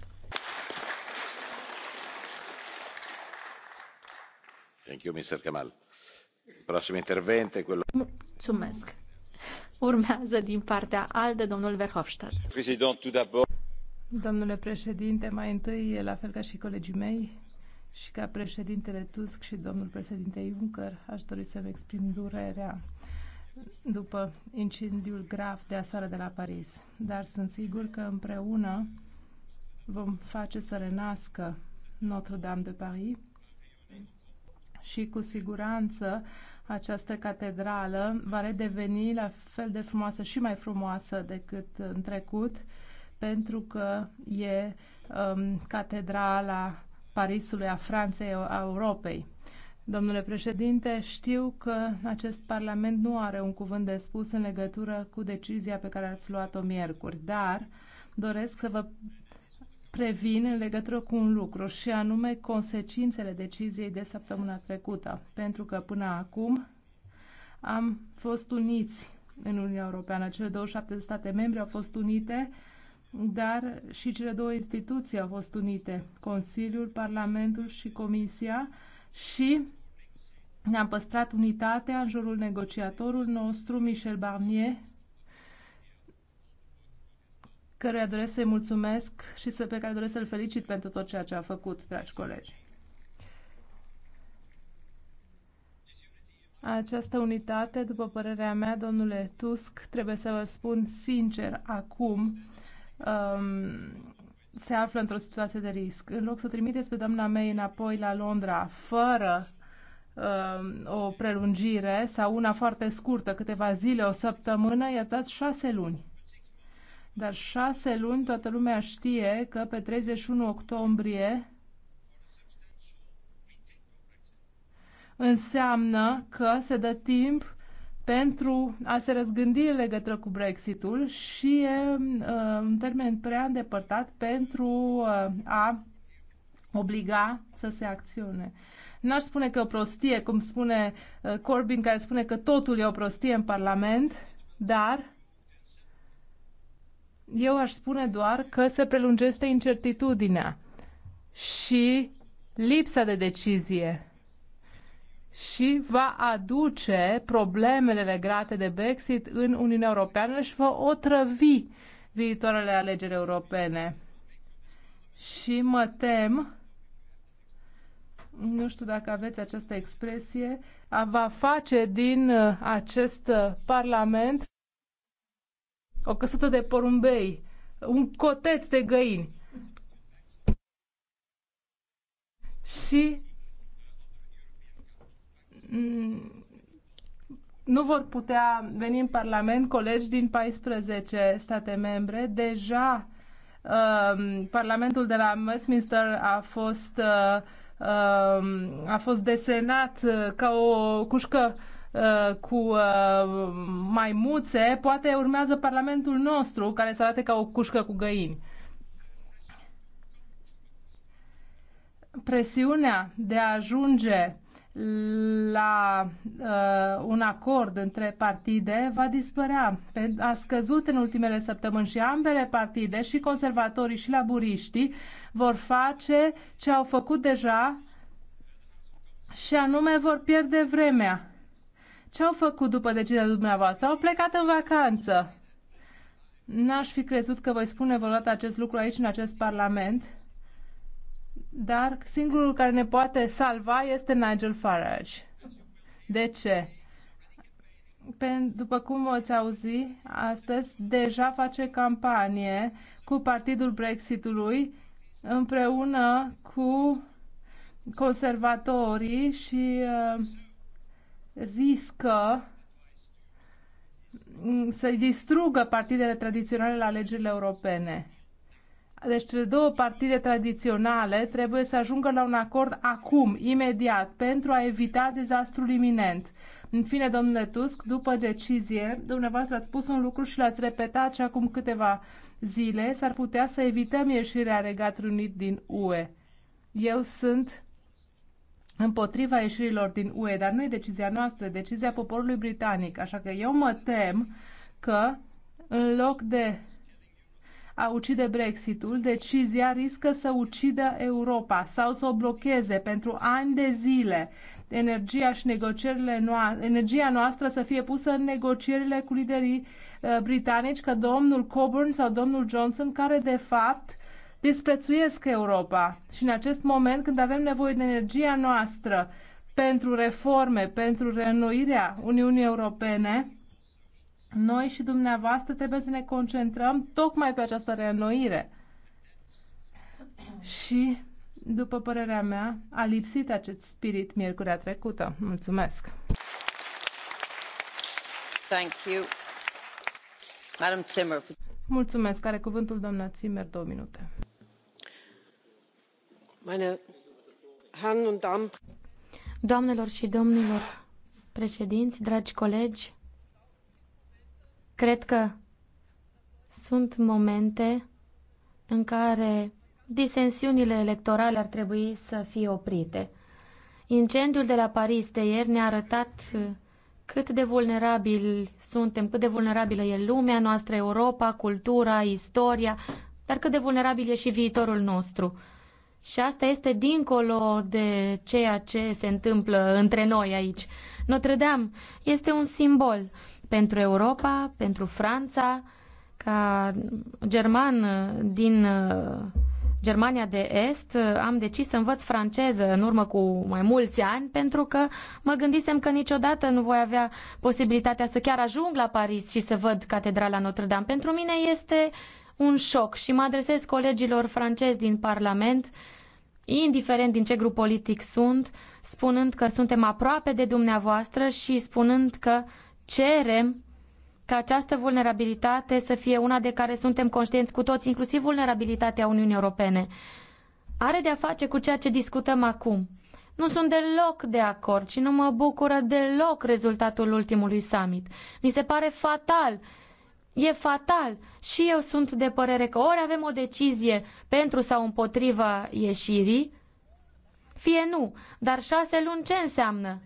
Mulțumesc. Domnule președinte, mai întâi, la fel ca și colegii mei, și ca președintele Tusk și domnul președinte Juncker, aș dori să îmi exprim durerea după incendiul grav de aseară de la Paris. Dar sunt sigur că împreună vom face să renască Notre-Dame de Paris și cu siguranță această catedrală va redeveni la fel de frumoasă și mai frumoasă decât în trecut, pentru că e um, catedrala Parisului, a Franței, a Europei. Domnule președinte, știu că acest Parlament nu are un cuvânt de spus în legătură cu decizia pe care ați luat-o miercuri, dar doresc să vă previn în legătură cu un lucru și anume consecințele deciziei de săptămâna trecută, pentru că până acum am fost uniți în Uniunea Europeană. Cele 27 de state membre au fost unite, dar și cele două instituții au fost unite, Consiliul, Parlamentul și Comisia și ne-am păstrat unitatea în jurul negociatorul nostru, Michel Barnier, căruia doresc să-i mulțumesc și să, pe care doresc să-l felicit pentru tot ceea ce a făcut, dragi colegi. Această unitate, după părerea mea, domnule Tusk, trebuie să vă spun sincer acum, um, se află într-o situație de risc. În loc să trimiteți pe doamna mea înapoi la Londra fără um, o prelungire sau una foarte scurtă, câteva zile, o săptămână, i-ați dat șase luni. Dar șase luni toată lumea știe că pe 31 octombrie înseamnă că se dă timp pentru a se răzgândi în legătură cu Brexitul și e uh, un termen prea îndepărtat pentru uh, a obliga să se acțione. N-aș spune că o prostie, cum spune uh, Corbyn, care spune că totul e o prostie în Parlament, dar eu aș spune doar că se prelungește incertitudinea și lipsa de decizie și va aduce problemele legate de Brexit în Uniunea Europeană și va otrăvi viitoarele alegeri europene. Și mă tem, nu știu dacă aveți această expresie, a va face din uh, acest uh, Parlament o căsuță de porumbei, un coteț de găini. Și mm, nu vor putea veni în Parlament colegi din 14 state membre. Deja uh, Parlamentul de la Westminster a fost, uh, uh, a fost desenat uh, ca o cușcă Uh, cu uh, maimuțe, poate urmează Parlamentul nostru, care se arate ca o cușcă cu găini. Presiunea de a ajunge la uh, un acord între partide va dispărea. A scăzut în ultimele săptămâni și ambele partide, și conservatorii și laburiștii, vor face ce au făcut deja și anume vor pierde vremea ce au făcut după decizia dumneavoastră? Au plecat în vacanță. N-aș fi crezut că voi spune vreodată acest lucru aici, în acest Parlament, dar singurul care ne poate salva este Nigel Farage. De ce? Pe, după cum ați auzi, astăzi deja face campanie cu partidul Brexitului împreună cu conservatorii și uh, riscă mm, să distrugă partidele tradiționale la alegerile europene. Deci cele două partide tradiționale trebuie să ajungă la un acord acum, imediat, pentru a evita dezastrul iminent. În fine, domnule Tusk, după decizie, dumneavoastră ați spus un lucru și l-ați repetat și acum câteva zile, s-ar putea să evităm ieșirea Regatului Unit din UE. Eu sunt împotriva ieșirilor din UE, dar nu e decizia noastră, e decizia poporului britanic. Așa că eu mă tem că în loc de a ucide Brexitul, decizia riscă să ucidă Europa sau să o blocheze pentru ani de zile. Energia și negocierile noastre, energia noastră să fie pusă în negocierile cu liderii uh, britanici, că domnul Coburn sau domnul Johnson, care de fapt uh, disprețuiesc Europa și în acest moment când avem nevoie de energia noastră pentru reforme, pentru reînnoirea Uniunii Europene, noi și dumneavoastră trebuie să ne concentrăm tocmai pe această reînnoire. Și, după părerea mea, a lipsit acest spirit miercurea trecută. Mulțumesc! Thank you. Madam Zimmer. Mulțumesc. Are cuvântul doamna Zimmer, două minute. Meine Herren und Damen. Doamnelor și domnilor președinți, dragi colegi, cred că sunt momente în care disensiunile electorale ar trebui să fie oprite. Incendiul de la Paris de ieri ne-a arătat cât de vulnerabili suntem, cât de vulnerabilă e lumea noastră, Europa, cultura, istoria, dar cât de vulnerabil e și viitorul nostru. Și asta este dincolo de ceea ce se întâmplă între noi aici. Notre Dame este un simbol pentru Europa, pentru Franța, ca german din Germania de Est, uh, am decis să învăț franceză în urmă cu mai mulți ani pentru că mă gândisem că niciodată nu voi avea posibilitatea să chiar ajung la Paris și să văd Catedrala Notre-Dame. Pentru mine este un șoc și mă adresez colegilor francezi din Parlament, indiferent din ce grup politic sunt, spunând că suntem aproape de dumneavoastră și spunând că cerem ca această vulnerabilitate să fie una de care suntem conștienți cu toți, inclusiv vulnerabilitatea Uniunii Europene. Are de-a face cu ceea ce discutăm acum. Nu sunt deloc de acord și nu mă bucură deloc rezultatul ultimului summit. Mi se pare fatal. E fatal. Și eu sunt de părere că ori avem o decizie pentru sau împotriva ieșirii, fie nu. Dar șase luni ce înseamnă?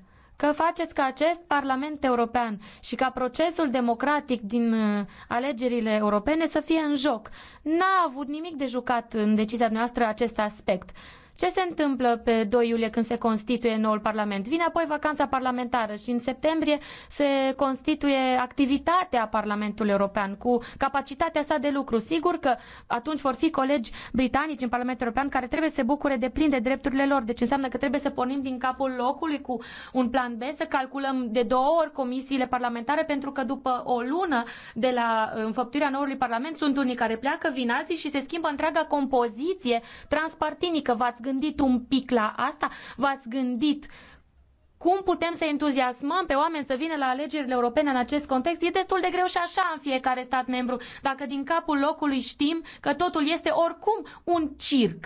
că faceți ca acest Parlament European și ca procesul democratic din uh, alegerile europene să fie în joc. N-a avut nimic de jucat în decizia noastră acest aspect. Ce se întâmplă pe 2 iulie când se constituie noul Parlament? Vine apoi vacanța parlamentară și în septembrie se constituie activitatea Parlamentului European cu capacitatea sa de lucru. Sigur că atunci vor fi colegi britanici în Parlamentul European care trebuie să se bucure de plin de drepturile lor. Deci înseamnă că trebuie să pornim din capul locului cu un plan B, să calculăm de două ori comisiile parlamentare pentru că după o lună de la înfăptuirea noului Parlament sunt unii care pleacă, vin alții și se schimbă întreaga compoziție transpartinică. V-ați V-ați gândit un pic la asta? V-ați gândit cum putem să entuziasmăm pe oameni să vină la alegerile europene în acest context? E destul de greu și așa în fiecare stat membru, dacă din capul locului știm că totul este oricum un circ.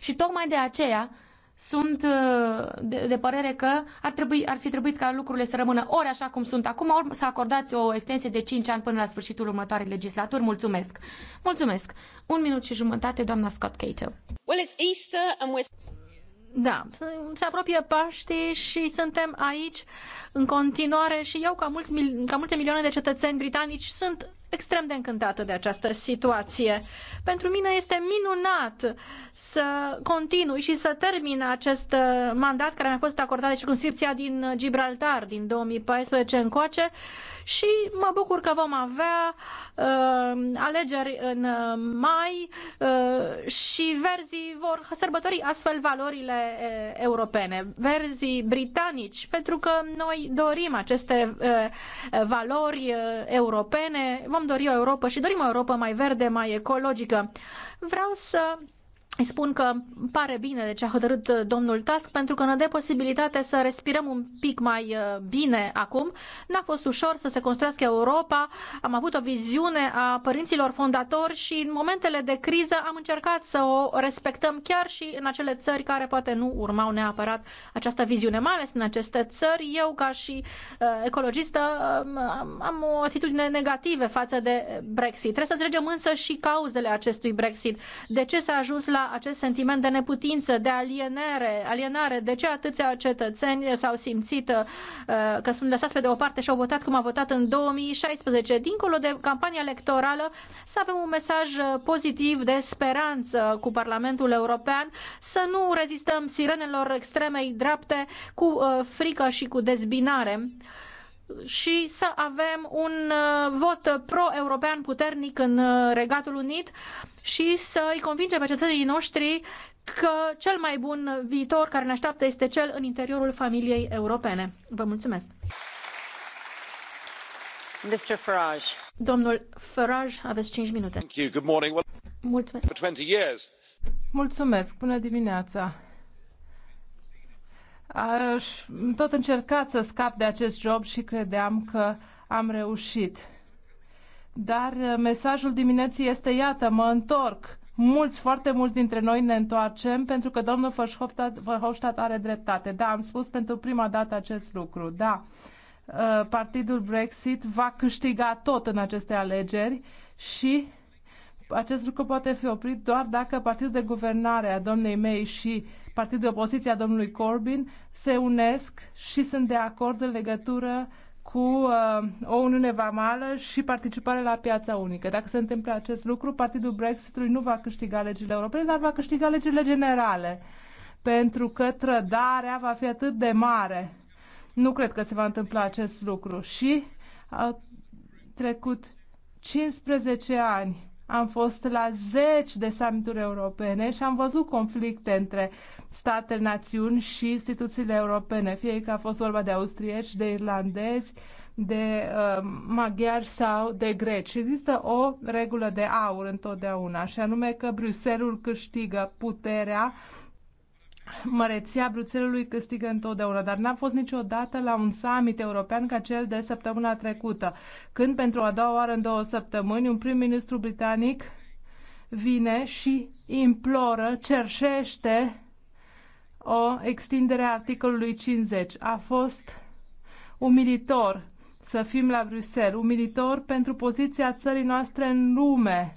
Și tocmai de aceea sunt uh, de, de părere că ar, trebui, ar fi trebuit ca lucrurile să rămână ori așa cum sunt acum, ori să acordați o extensie de 5 ani până la sfârșitul următoarei legislaturi. Mulțumesc! Mulțumesc! Un minut și jumătate, doamna Scott Cato. Well, it's Easter and we're... Da, se apropie Paști și suntem aici în continuare și eu, ca, mulți, ca multe milioane de cetățeni britanici, sunt extrem de încântată de această situație. Pentru mine este minunat să continui și să termin acest uh, mandat care mi-a fost acordat de circunscripția din Gibraltar din 2014 încoace și mă bucur că vom avea uh, alegeri în uh, mai uh, și verzii vor sărbători astfel valorile uh, europene, verzii britanici, pentru că noi dorim aceste uh, valori uh, europene. Vom vom dori o Europa și dorim o Europa mai verde, mai ecologică. Vreau să spun că îmi pare bine de ce a hotărât domnul Tusk, pentru că ne dă posibilitate să respirăm un pic mai uh, bine acum. N-a fost ușor să se construiască Europa, am avut o viziune a părinților fondatori și în momentele de criză am încercat să o respectăm chiar și în acele țări care poate nu urmau neapărat această viziune, mai ales în aceste țări. Eu, ca și uh, ecologistă, uh, am o atitudine negativă față de Brexit. Trebuie să înțelegem însă și cauzele acestui Brexit. De ce s-a ajuns la acest sentiment de neputință, de alienare, alienare. De ce atâția cetățeni s-au simțit uh, că sunt lăsați pe de o parte și au votat cum a votat în 2016? Dincolo de campania electorală, să avem un mesaj uh, pozitiv de speranță cu Parlamentul European, să nu rezistăm sirenelor extremei dreapte cu uh, frică și cu dezbinare și să avem un uh, vot pro-european puternic în uh, Regatul Unit și să îi convingem pe cetățenii noștri că cel mai bun viitor care ne așteaptă este cel în interiorul familiei europene. Vă mulțumesc! Mr. Farage. Domnul Farage, aveți 5 minute. Thank you. Good morning. Mulțumesc. Mulțumesc. Bună dimineața. Aș tot încercat să scap de acest job și credeam că am reușit. Dar uh, mesajul dimineții este, iată, mă întorc. Mulți, foarte mulți dintre noi ne întoarcem pentru că domnul Verhofstadt are dreptate. Da, am spus pentru prima dată acest lucru. Da, uh, partidul Brexit va câștiga tot în aceste alegeri și acest lucru poate fi oprit doar dacă partidul de guvernare a domnei mei și partidul de opoziție a domnului Corbyn se unesc și sunt de acord în legătură cu uh, o uniune vamală și participare la piața unică. Dacă se întâmplă acest lucru, partidul Brexitului nu va câștiga legile europene, dar va câștiga legile generale, pentru că trădarea va fi atât de mare. Nu cred că se va întâmpla acest lucru. Și au trecut 15 ani am fost la zeci de summituri europene și am văzut conflicte între state, națiuni și instituțiile europene, fie că a fost vorba de austrieci, de irlandezi, de uh, maghiari sau de greci. Există o regulă de aur întotdeauna, și anume că Bruselul câștigă puterea măreția Bruțelului câștigă întotdeauna, dar n-a fost niciodată la un summit european ca cel de săptămâna trecută, când pentru a doua oară în două săptămâni un prim-ministru britanic vine și imploră, cerșește o extindere a articolului 50. A fost umilitor să fim la Bruxelles, umilitor pentru poziția țării noastre în lume,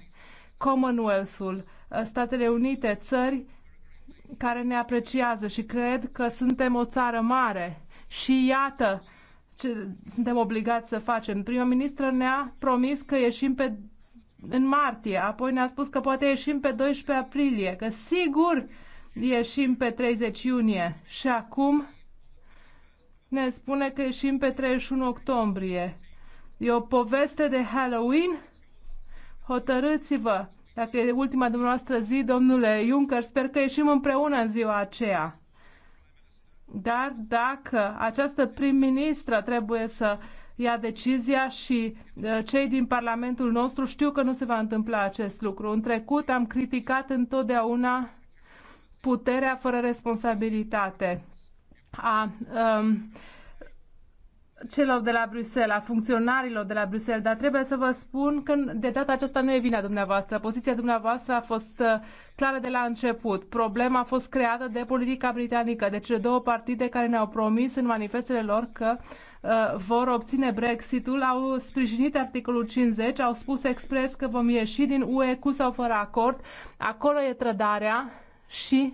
Commonwealth-ul, Statele Unite, țări care ne apreciază și cred că suntem o țară mare. Și iată ce suntem obligați să facem. Prima ministră ne-a promis că ieșim pe în martie, apoi ne-a spus că poate ieșim pe 12 aprilie, că sigur ieșim pe 30 iunie și acum ne spune că ieșim pe 31 octombrie. E o poveste de Halloween? Hotărâți-vă! Dacă e ultima dumneavoastră zi, domnule Juncker, sper că ieșim împreună în ziua aceea. Dar dacă această prim-ministră trebuie să ia decizia și uh, cei din Parlamentul nostru știu că nu se va întâmpla acest lucru. În trecut am criticat întotdeauna puterea fără responsabilitate a um, celor de la Bruxelles, a funcționarilor de la Bruxelles, dar trebuie să vă spun că de data aceasta nu e vina dumneavoastră. Poziția dumneavoastră a fost uh, clară de la început. Problema a fost creată de politica britanică, de cele două partide care ne-au promis în manifestele lor că uh, vor obține Brexitul, au sprijinit articolul 50, au spus expres că vom ieși din UE cu sau fără acord. Acolo e trădarea și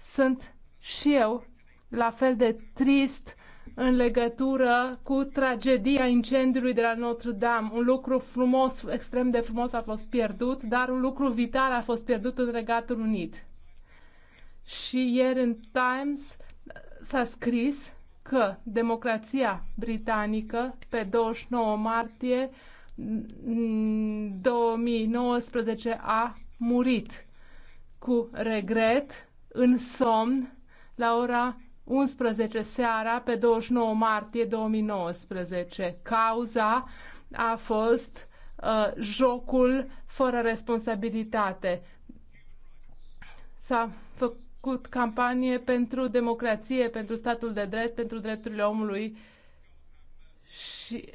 sunt și eu la fel de trist uh, în legătură cu tragedia incendiului de la Notre-Dame. Un lucru frumos, extrem de frumos a fost pierdut, dar un lucru vital a fost pierdut în Regatul Unit. Și ieri în Times s-a scris că democrația britanică pe 29 martie 2019 a murit cu regret, în somn, la ora 11 seara pe 29 martie 2019. Cauza a fost uh, jocul fără responsabilitate. S-a făcut campanie pentru democrație, pentru statul de drept, pentru drepturile omului și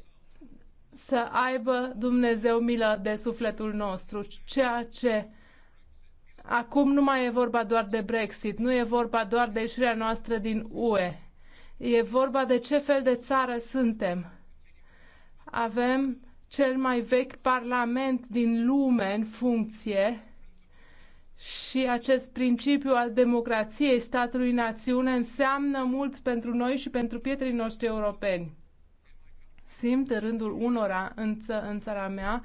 să aibă Dumnezeu milă de sufletul nostru, ceea ce uh, Acum nu mai e vorba doar de Brexit, nu e vorba doar de ieșirea noastră din UE. E vorba de ce fel de țară suntem. Avem cel mai vechi parlament din lume în funcție și acest principiu al democrației statului națiune înseamnă mult pentru noi și pentru pietrii noștri europeni. Simt în rândul unora în, ță- în țara mea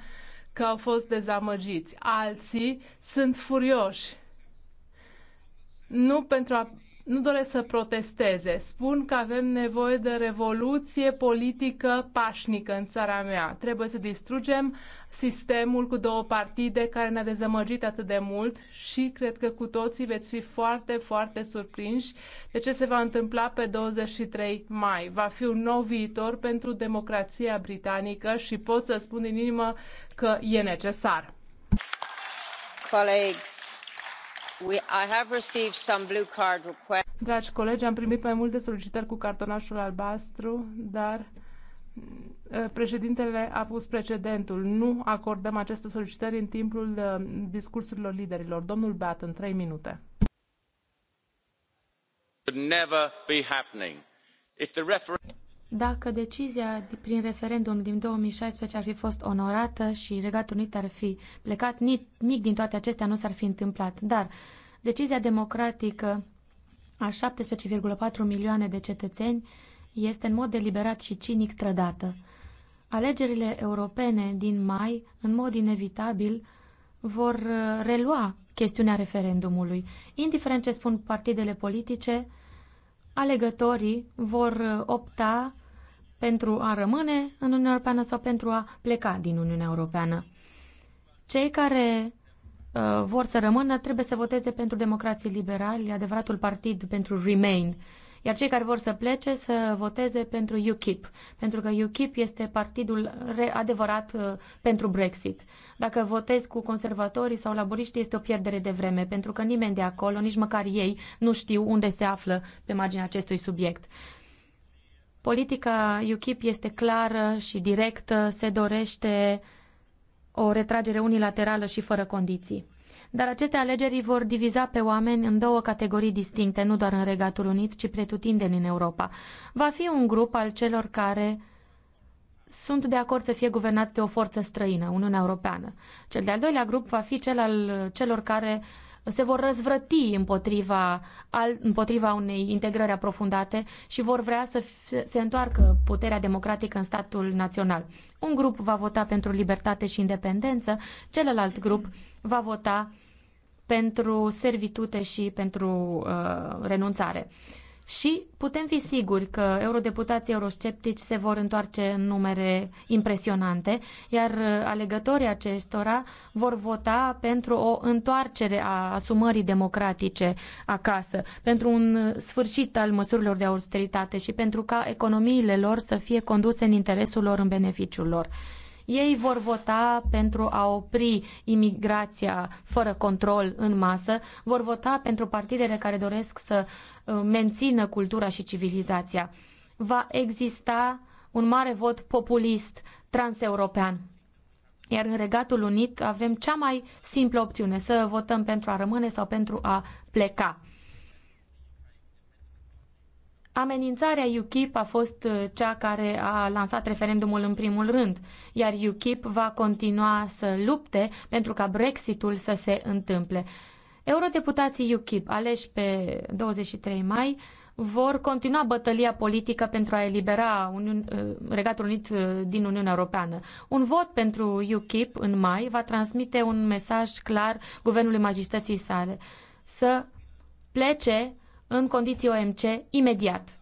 că au fost dezamăgiți. Alții sunt furioși. Nu pentru a nu doresc să protesteze. Spun că avem nevoie de revoluție politică pașnică în țara mea. Trebuie să distrugem sistemul cu două partide care ne-a dezamăgit atât de mult și cred că cu toții veți fi foarte, foarte surprinși de ce se va întâmpla pe 23 mai. Va fi un nou viitor pentru democrația britanică și pot să spun din inimă că e necesar. Colegi. Dragi colegi, am primit mai multe solicitări cu cartonașul albastru, dar mm, președintele a pus precedentul. Nu acordăm aceste solicitări în timpul uh, discursurilor liderilor. Domnul Beat, în trei minute. Dacă decizia prin referendum din 2016 ar fi fost onorată și Regatul Unit ar fi plecat, nimic din toate acestea nu s-ar fi întâmplat. Dar decizia democratică a 17,4 milioane de cetățeni este în mod deliberat și cinic trădată. Alegerile europene din mai, în mod inevitabil, vor uh, relua chestiunea referendumului. Indiferent ce spun partidele politice, alegătorii vor uh, opta pentru a rămâne în Uniunea Europeană sau pentru a pleca din Uniunea Europeană. Cei care uh, vor să rămână trebuie să voteze pentru democrații liberali, adevăratul partid pentru Remain iar cei care vor să plece să voteze pentru UKIP, pentru că UKIP este partidul adevărat uh, pentru Brexit. Dacă votezi cu conservatorii sau laboriști este o pierdere de vreme, pentru că nimeni de acolo, nici măcar ei, nu știu unde se află pe marginea acestui subiect. Politica UKIP este clară și directă, se dorește o retragere unilaterală și fără condiții. Dar aceste alegeri vor diviza pe oameni în două categorii distincte, nu doar în Regatul Unit, ci pretutindeni în Europa. Va fi un grup al celor care sunt de acord să fie guvernat de o forță străină, Uniunea Europeană. Cel de-al doilea grup va fi cel al celor care uh, se vor răzvrăti împotriva, al, împotriva unei integrări aprofundate și vor vrea să se întoarcă puterea democratică în statul național. Un grup va vota pentru libertate și independență, celălalt grup va vota pentru servitute și pentru uh, renunțare. Uh, și putem fi siguri că eurodeputații eurosceptici se vor întoarce în numere impresionante, iar uh, alegătorii acestora vor vota pentru o întoarcere a asumării democratice acasă, pentru un uh, sfârșit al măsurilor de austeritate și pentru ca economiile lor să fie conduse în interesul lor, în beneficiul lor ei vor vota pentru a opri imigrația fără control în masă, vor vota pentru partidele care doresc să Uh, mențină cultura și civilizația. Va exista un mare vot populist transeuropean. Iar în Regatul Unit avem cea mai simplă opțiune, să votăm pentru a rămâne sau pentru a pleca. Amenințarea UKIP a fost uh, cea care a lansat referendumul în primul rând, iar UKIP va continua să lupte pentru ca Brexitul să se întâmple. Eurodeputații UKIP, aleși pe 23 mai, vor continua bătălia politică pentru a elibera Uniun, ă, Regatul Unit ă, din Uniunea Europeană. Un vot pentru UKIP în mai va transmite un mesaj clar guvernului majestății sale să plece în condiții OMC imediat.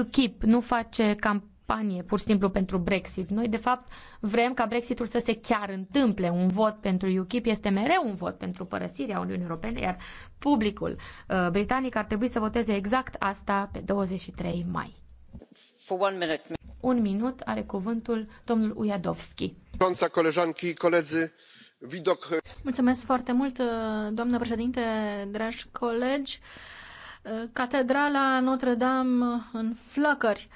UKIP nu face campanie campanie pur și simplu pentru Brexit. Noi, de fapt, vrem ca Brexitul să se chiar întâmple. Un vot pentru UKIP este mereu un vot pentru părăsirea Uniunii Europene, iar publicul uh, britanic ar trebui să voteze exact asta pe 23 mai. For one minute. Un minut are cuvântul domnul Ujadovski. Mulțumesc foarte mult, uh, doamnă președinte, dragi colegi. Uh, Catedrala Notre-Dame uh, în flăcări.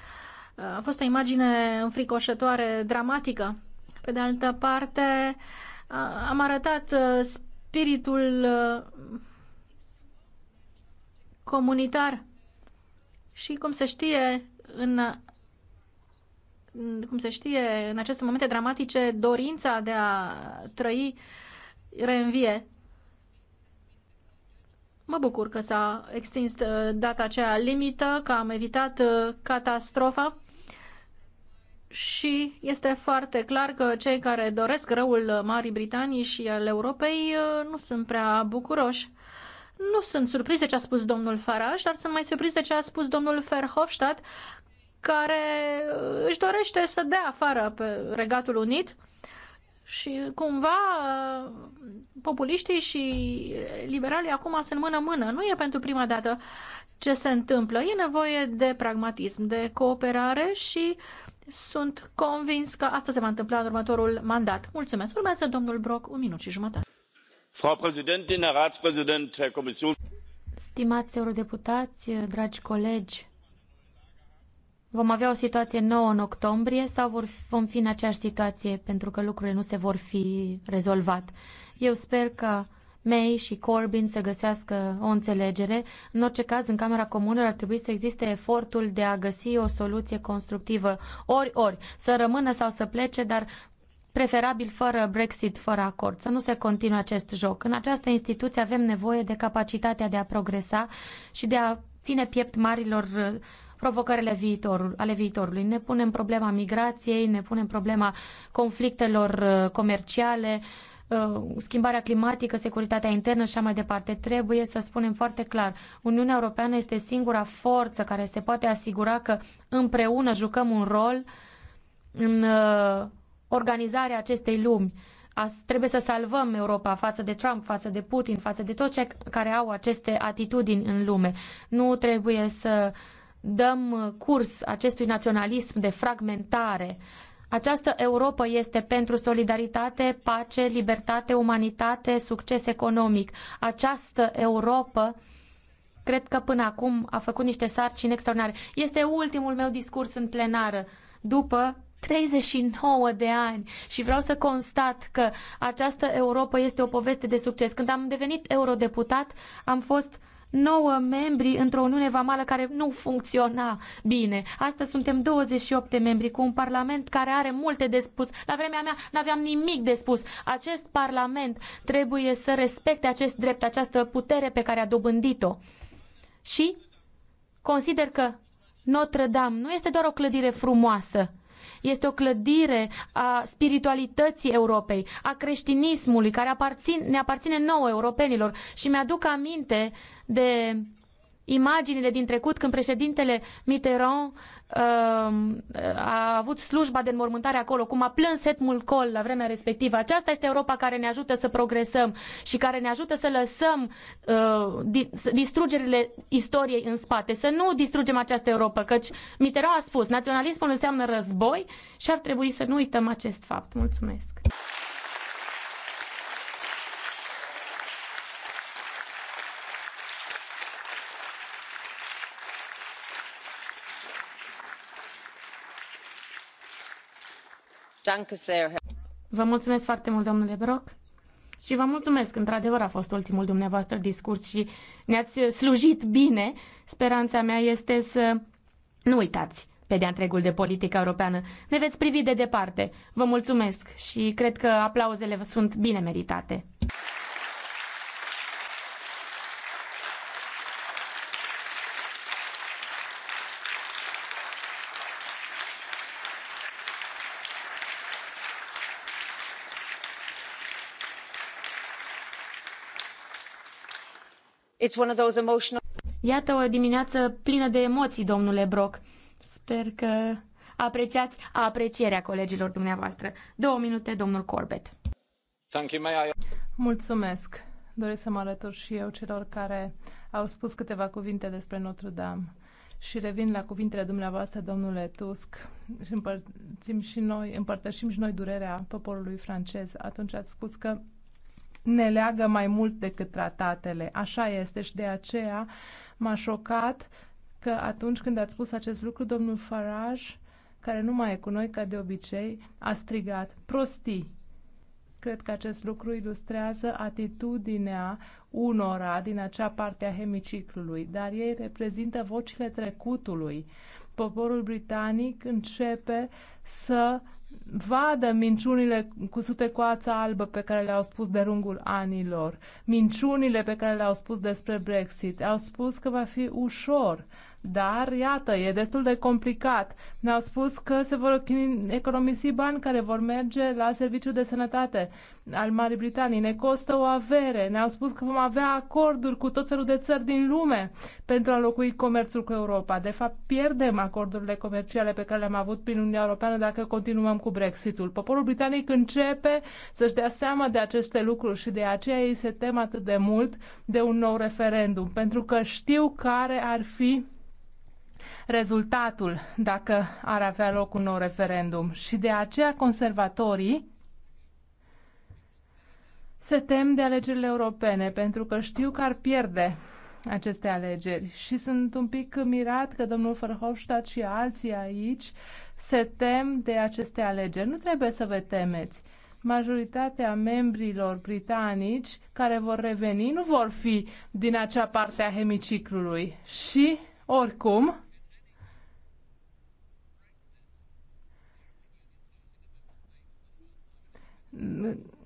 A fost o imagine înfricoșătoare, dramatică. Pe de altă parte, am arătat uh, spiritul uh, comunitar și, cum se știe, în cum se știe, în aceste momente dramatice, dorința de a trăi reînvie. Mă bucur că s-a extins uh, data aceea limită, că am evitat catastrofa și este foarte clar că cei care doresc răul Marii Britanii și al Europei uh, nu sunt prea bucuroși. Nu sunt surprins de ce a spus domnul Farage, dar sunt mai surprins de ce a spus domnul Verhofstadt, care uh, își dorește să dea afară pe Regatul Unit și cumva uh, populiștii și liberalii acum sunt mână-mână. Nu e pentru prima dată ce se întâmplă. E nevoie de pragmatism, de cooperare și uh, sunt convins că asta se va întâmpla în următorul mandat. Mulțumesc. Urmează domnul Brok, un minut și jumătate. Frau Präsidentin, Herr Ratspräsident, Herr Kommission. Stimați eurodeputați, dragi colegi, vom avea o situație nouă în octombrie sau vor, vom fi în aceeași situație pentru că lucrurile nu se vor fi rezolvat? Eu sper că May și Corbyn să găsească o înțelegere. În orice caz, în Camera Comunelor ar trebui să existe efortul de a găsi o soluție constructivă. Ori, ori, să rămână sau să plece, dar preferabil fără Brexit, fără acord, să nu se continue acest joc. În această instituție avem nevoie de capacitatea de a progresa și de a ține piept marilor uh, provocările viitorul, ale viitorului. Ne punem problema migrației, ne punem problema conflictelor uh, comerciale, Uh, schimbarea climatică, securitatea internă și așa mai departe. Trebuie să spunem foarte clar, Uniunea Europeană este singura forță care se poate asigura că împreună jucăm un rol în uh, organizarea acestei lumi. As, trebuie să salvăm Europa față de Trump, față de Putin, față de toți cei care au aceste atitudini în lume. Nu trebuie să dăm uh, curs acestui naționalism de fragmentare uh, această Europa este pentru solidaritate, pace, libertate, umanitate, succes economic. Această Europa cred că până acum a făcut niște sarcini extraordinare. Este ultimul meu discurs în plenară după 39 de ani și vreau să constat că această Europa este o poveste de succes. Când am devenit eurodeputat, am fost 9 membri într-o Uniune Vamală care nu funcționa bine. Astăzi suntem 28 de membri cu un parlament care are multe de spus. La vremea mea n-aveam nimic de spus. Acest parlament trebuie să respecte acest drept, această putere pe care a dobândit-o. Și consider că Notre-Dame nu este doar o clădire frumoasă, este o clădire a spiritualității Europei, a creștinismului, care aparțin, ne aparține nouă europenilor. Și mi-aduc aminte uh, de imaginile din trecut când președintele Mitterrand um, a avut slujba de înmormântare acolo, cum a plâns Hetmul Col la vremea respectivă. Aceasta este Europa care ne ajută să progresăm și care ne ajută să lăsăm uh, distrugerile istoriei în spate, să nu distrugem această Europa, căci Mitterrand a spus, naționalismul înseamnă război și ar trebui să nu uităm acest fapt. Mulțumesc! Vă mulțumesc foarte mult, domnule Brock. Și vă mulțumesc, într-adevăr a fost ultimul dumneavoastră discurs și ne-ați slujit bine. Speranța mea este să nu uitați pe de întregul de politică europeană. Ne veți privi de departe. Vă mulțumesc și cred că aplauzele vă sunt bine meritate. Iată o dimineață plină de emoții, domnule Brock. Sper că apreciați aprecierea colegilor dumneavoastră. Două minute, domnul Corbett. Mulțumesc. Doresc să mă alătur și eu celor care au spus câteva cuvinte despre Notre-Dame. Și revin la cuvintele dumneavoastră, domnule Tusk, și împărțim și noi, împărtășim și noi durerea poporului francez. Atunci ați spus că ne leagă mai mult decât tratatele. Așa este și de aceea m-a șocat că atunci când ați spus acest lucru, domnul Farage, care nu mai e cu noi ca de obicei, a strigat prostii. Cred că acest lucru ilustrează atitudinea unora din acea parte a hemiciclului, dar ei reprezintă vocile trecutului. Poporul britanic începe să vadă minciunile cu sute albă pe care le-au spus de lungul anilor, minciunile pe care le-au spus despre Brexit. Au spus că va fi ușor, dar, iată, e destul de complicat. Ne-au spus că se vor economisi bani care vor merge la serviciul de sănătate al Marii Britanii. Ne costă o avere. Ne-au spus că vom avea acorduri cu tot felul de țări din lume pentru a locui comerțul cu Europa. De fapt, pierdem acordurile comerciale pe care le-am avut prin Uniunea Europeană dacă continuăm cu Brexitul. Poporul britanic începe să-și dea seama de aceste lucruri și de aceea ei se tem atât de mult de un nou referendum, pentru că știu care ar fi rezultatul dacă ar avea loc un nou referendum. Și de aceea conservatorii se tem de alegerile europene, pentru că știu că ar pierde aceste alegeri. Și sunt un pic mirat că domnul Verhofstadt și alții aici se tem de aceste alegeri. Nu trebuie să vă temeți. Majoritatea membrilor britanici care vor reveni nu vor fi din acea parte a hemiciclului. Și, oricum,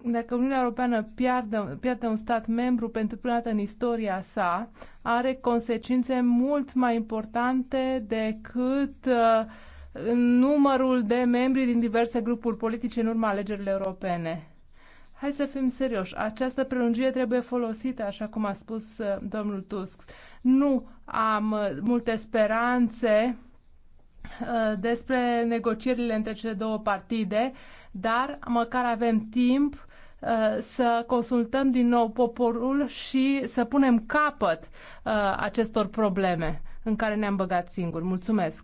dacă Uniunea Europeană pierde, pierde un stat membru pentru prima dată în istoria sa, are consecințe mult mai importante decât uh, numărul de membri din diverse grupuri politice în urma alegerilor europene. Hai să fim serioși. Această prelungire trebuie folosită, așa cum a spus uh, domnul Tusk. Nu am uh, multe speranțe Uh, despre negocierile între cele două partide, dar măcar avem timp uh, să consultăm din nou poporul și să punem capăt uh, acestor probleme în care ne-am băgat singuri. Mulțumesc!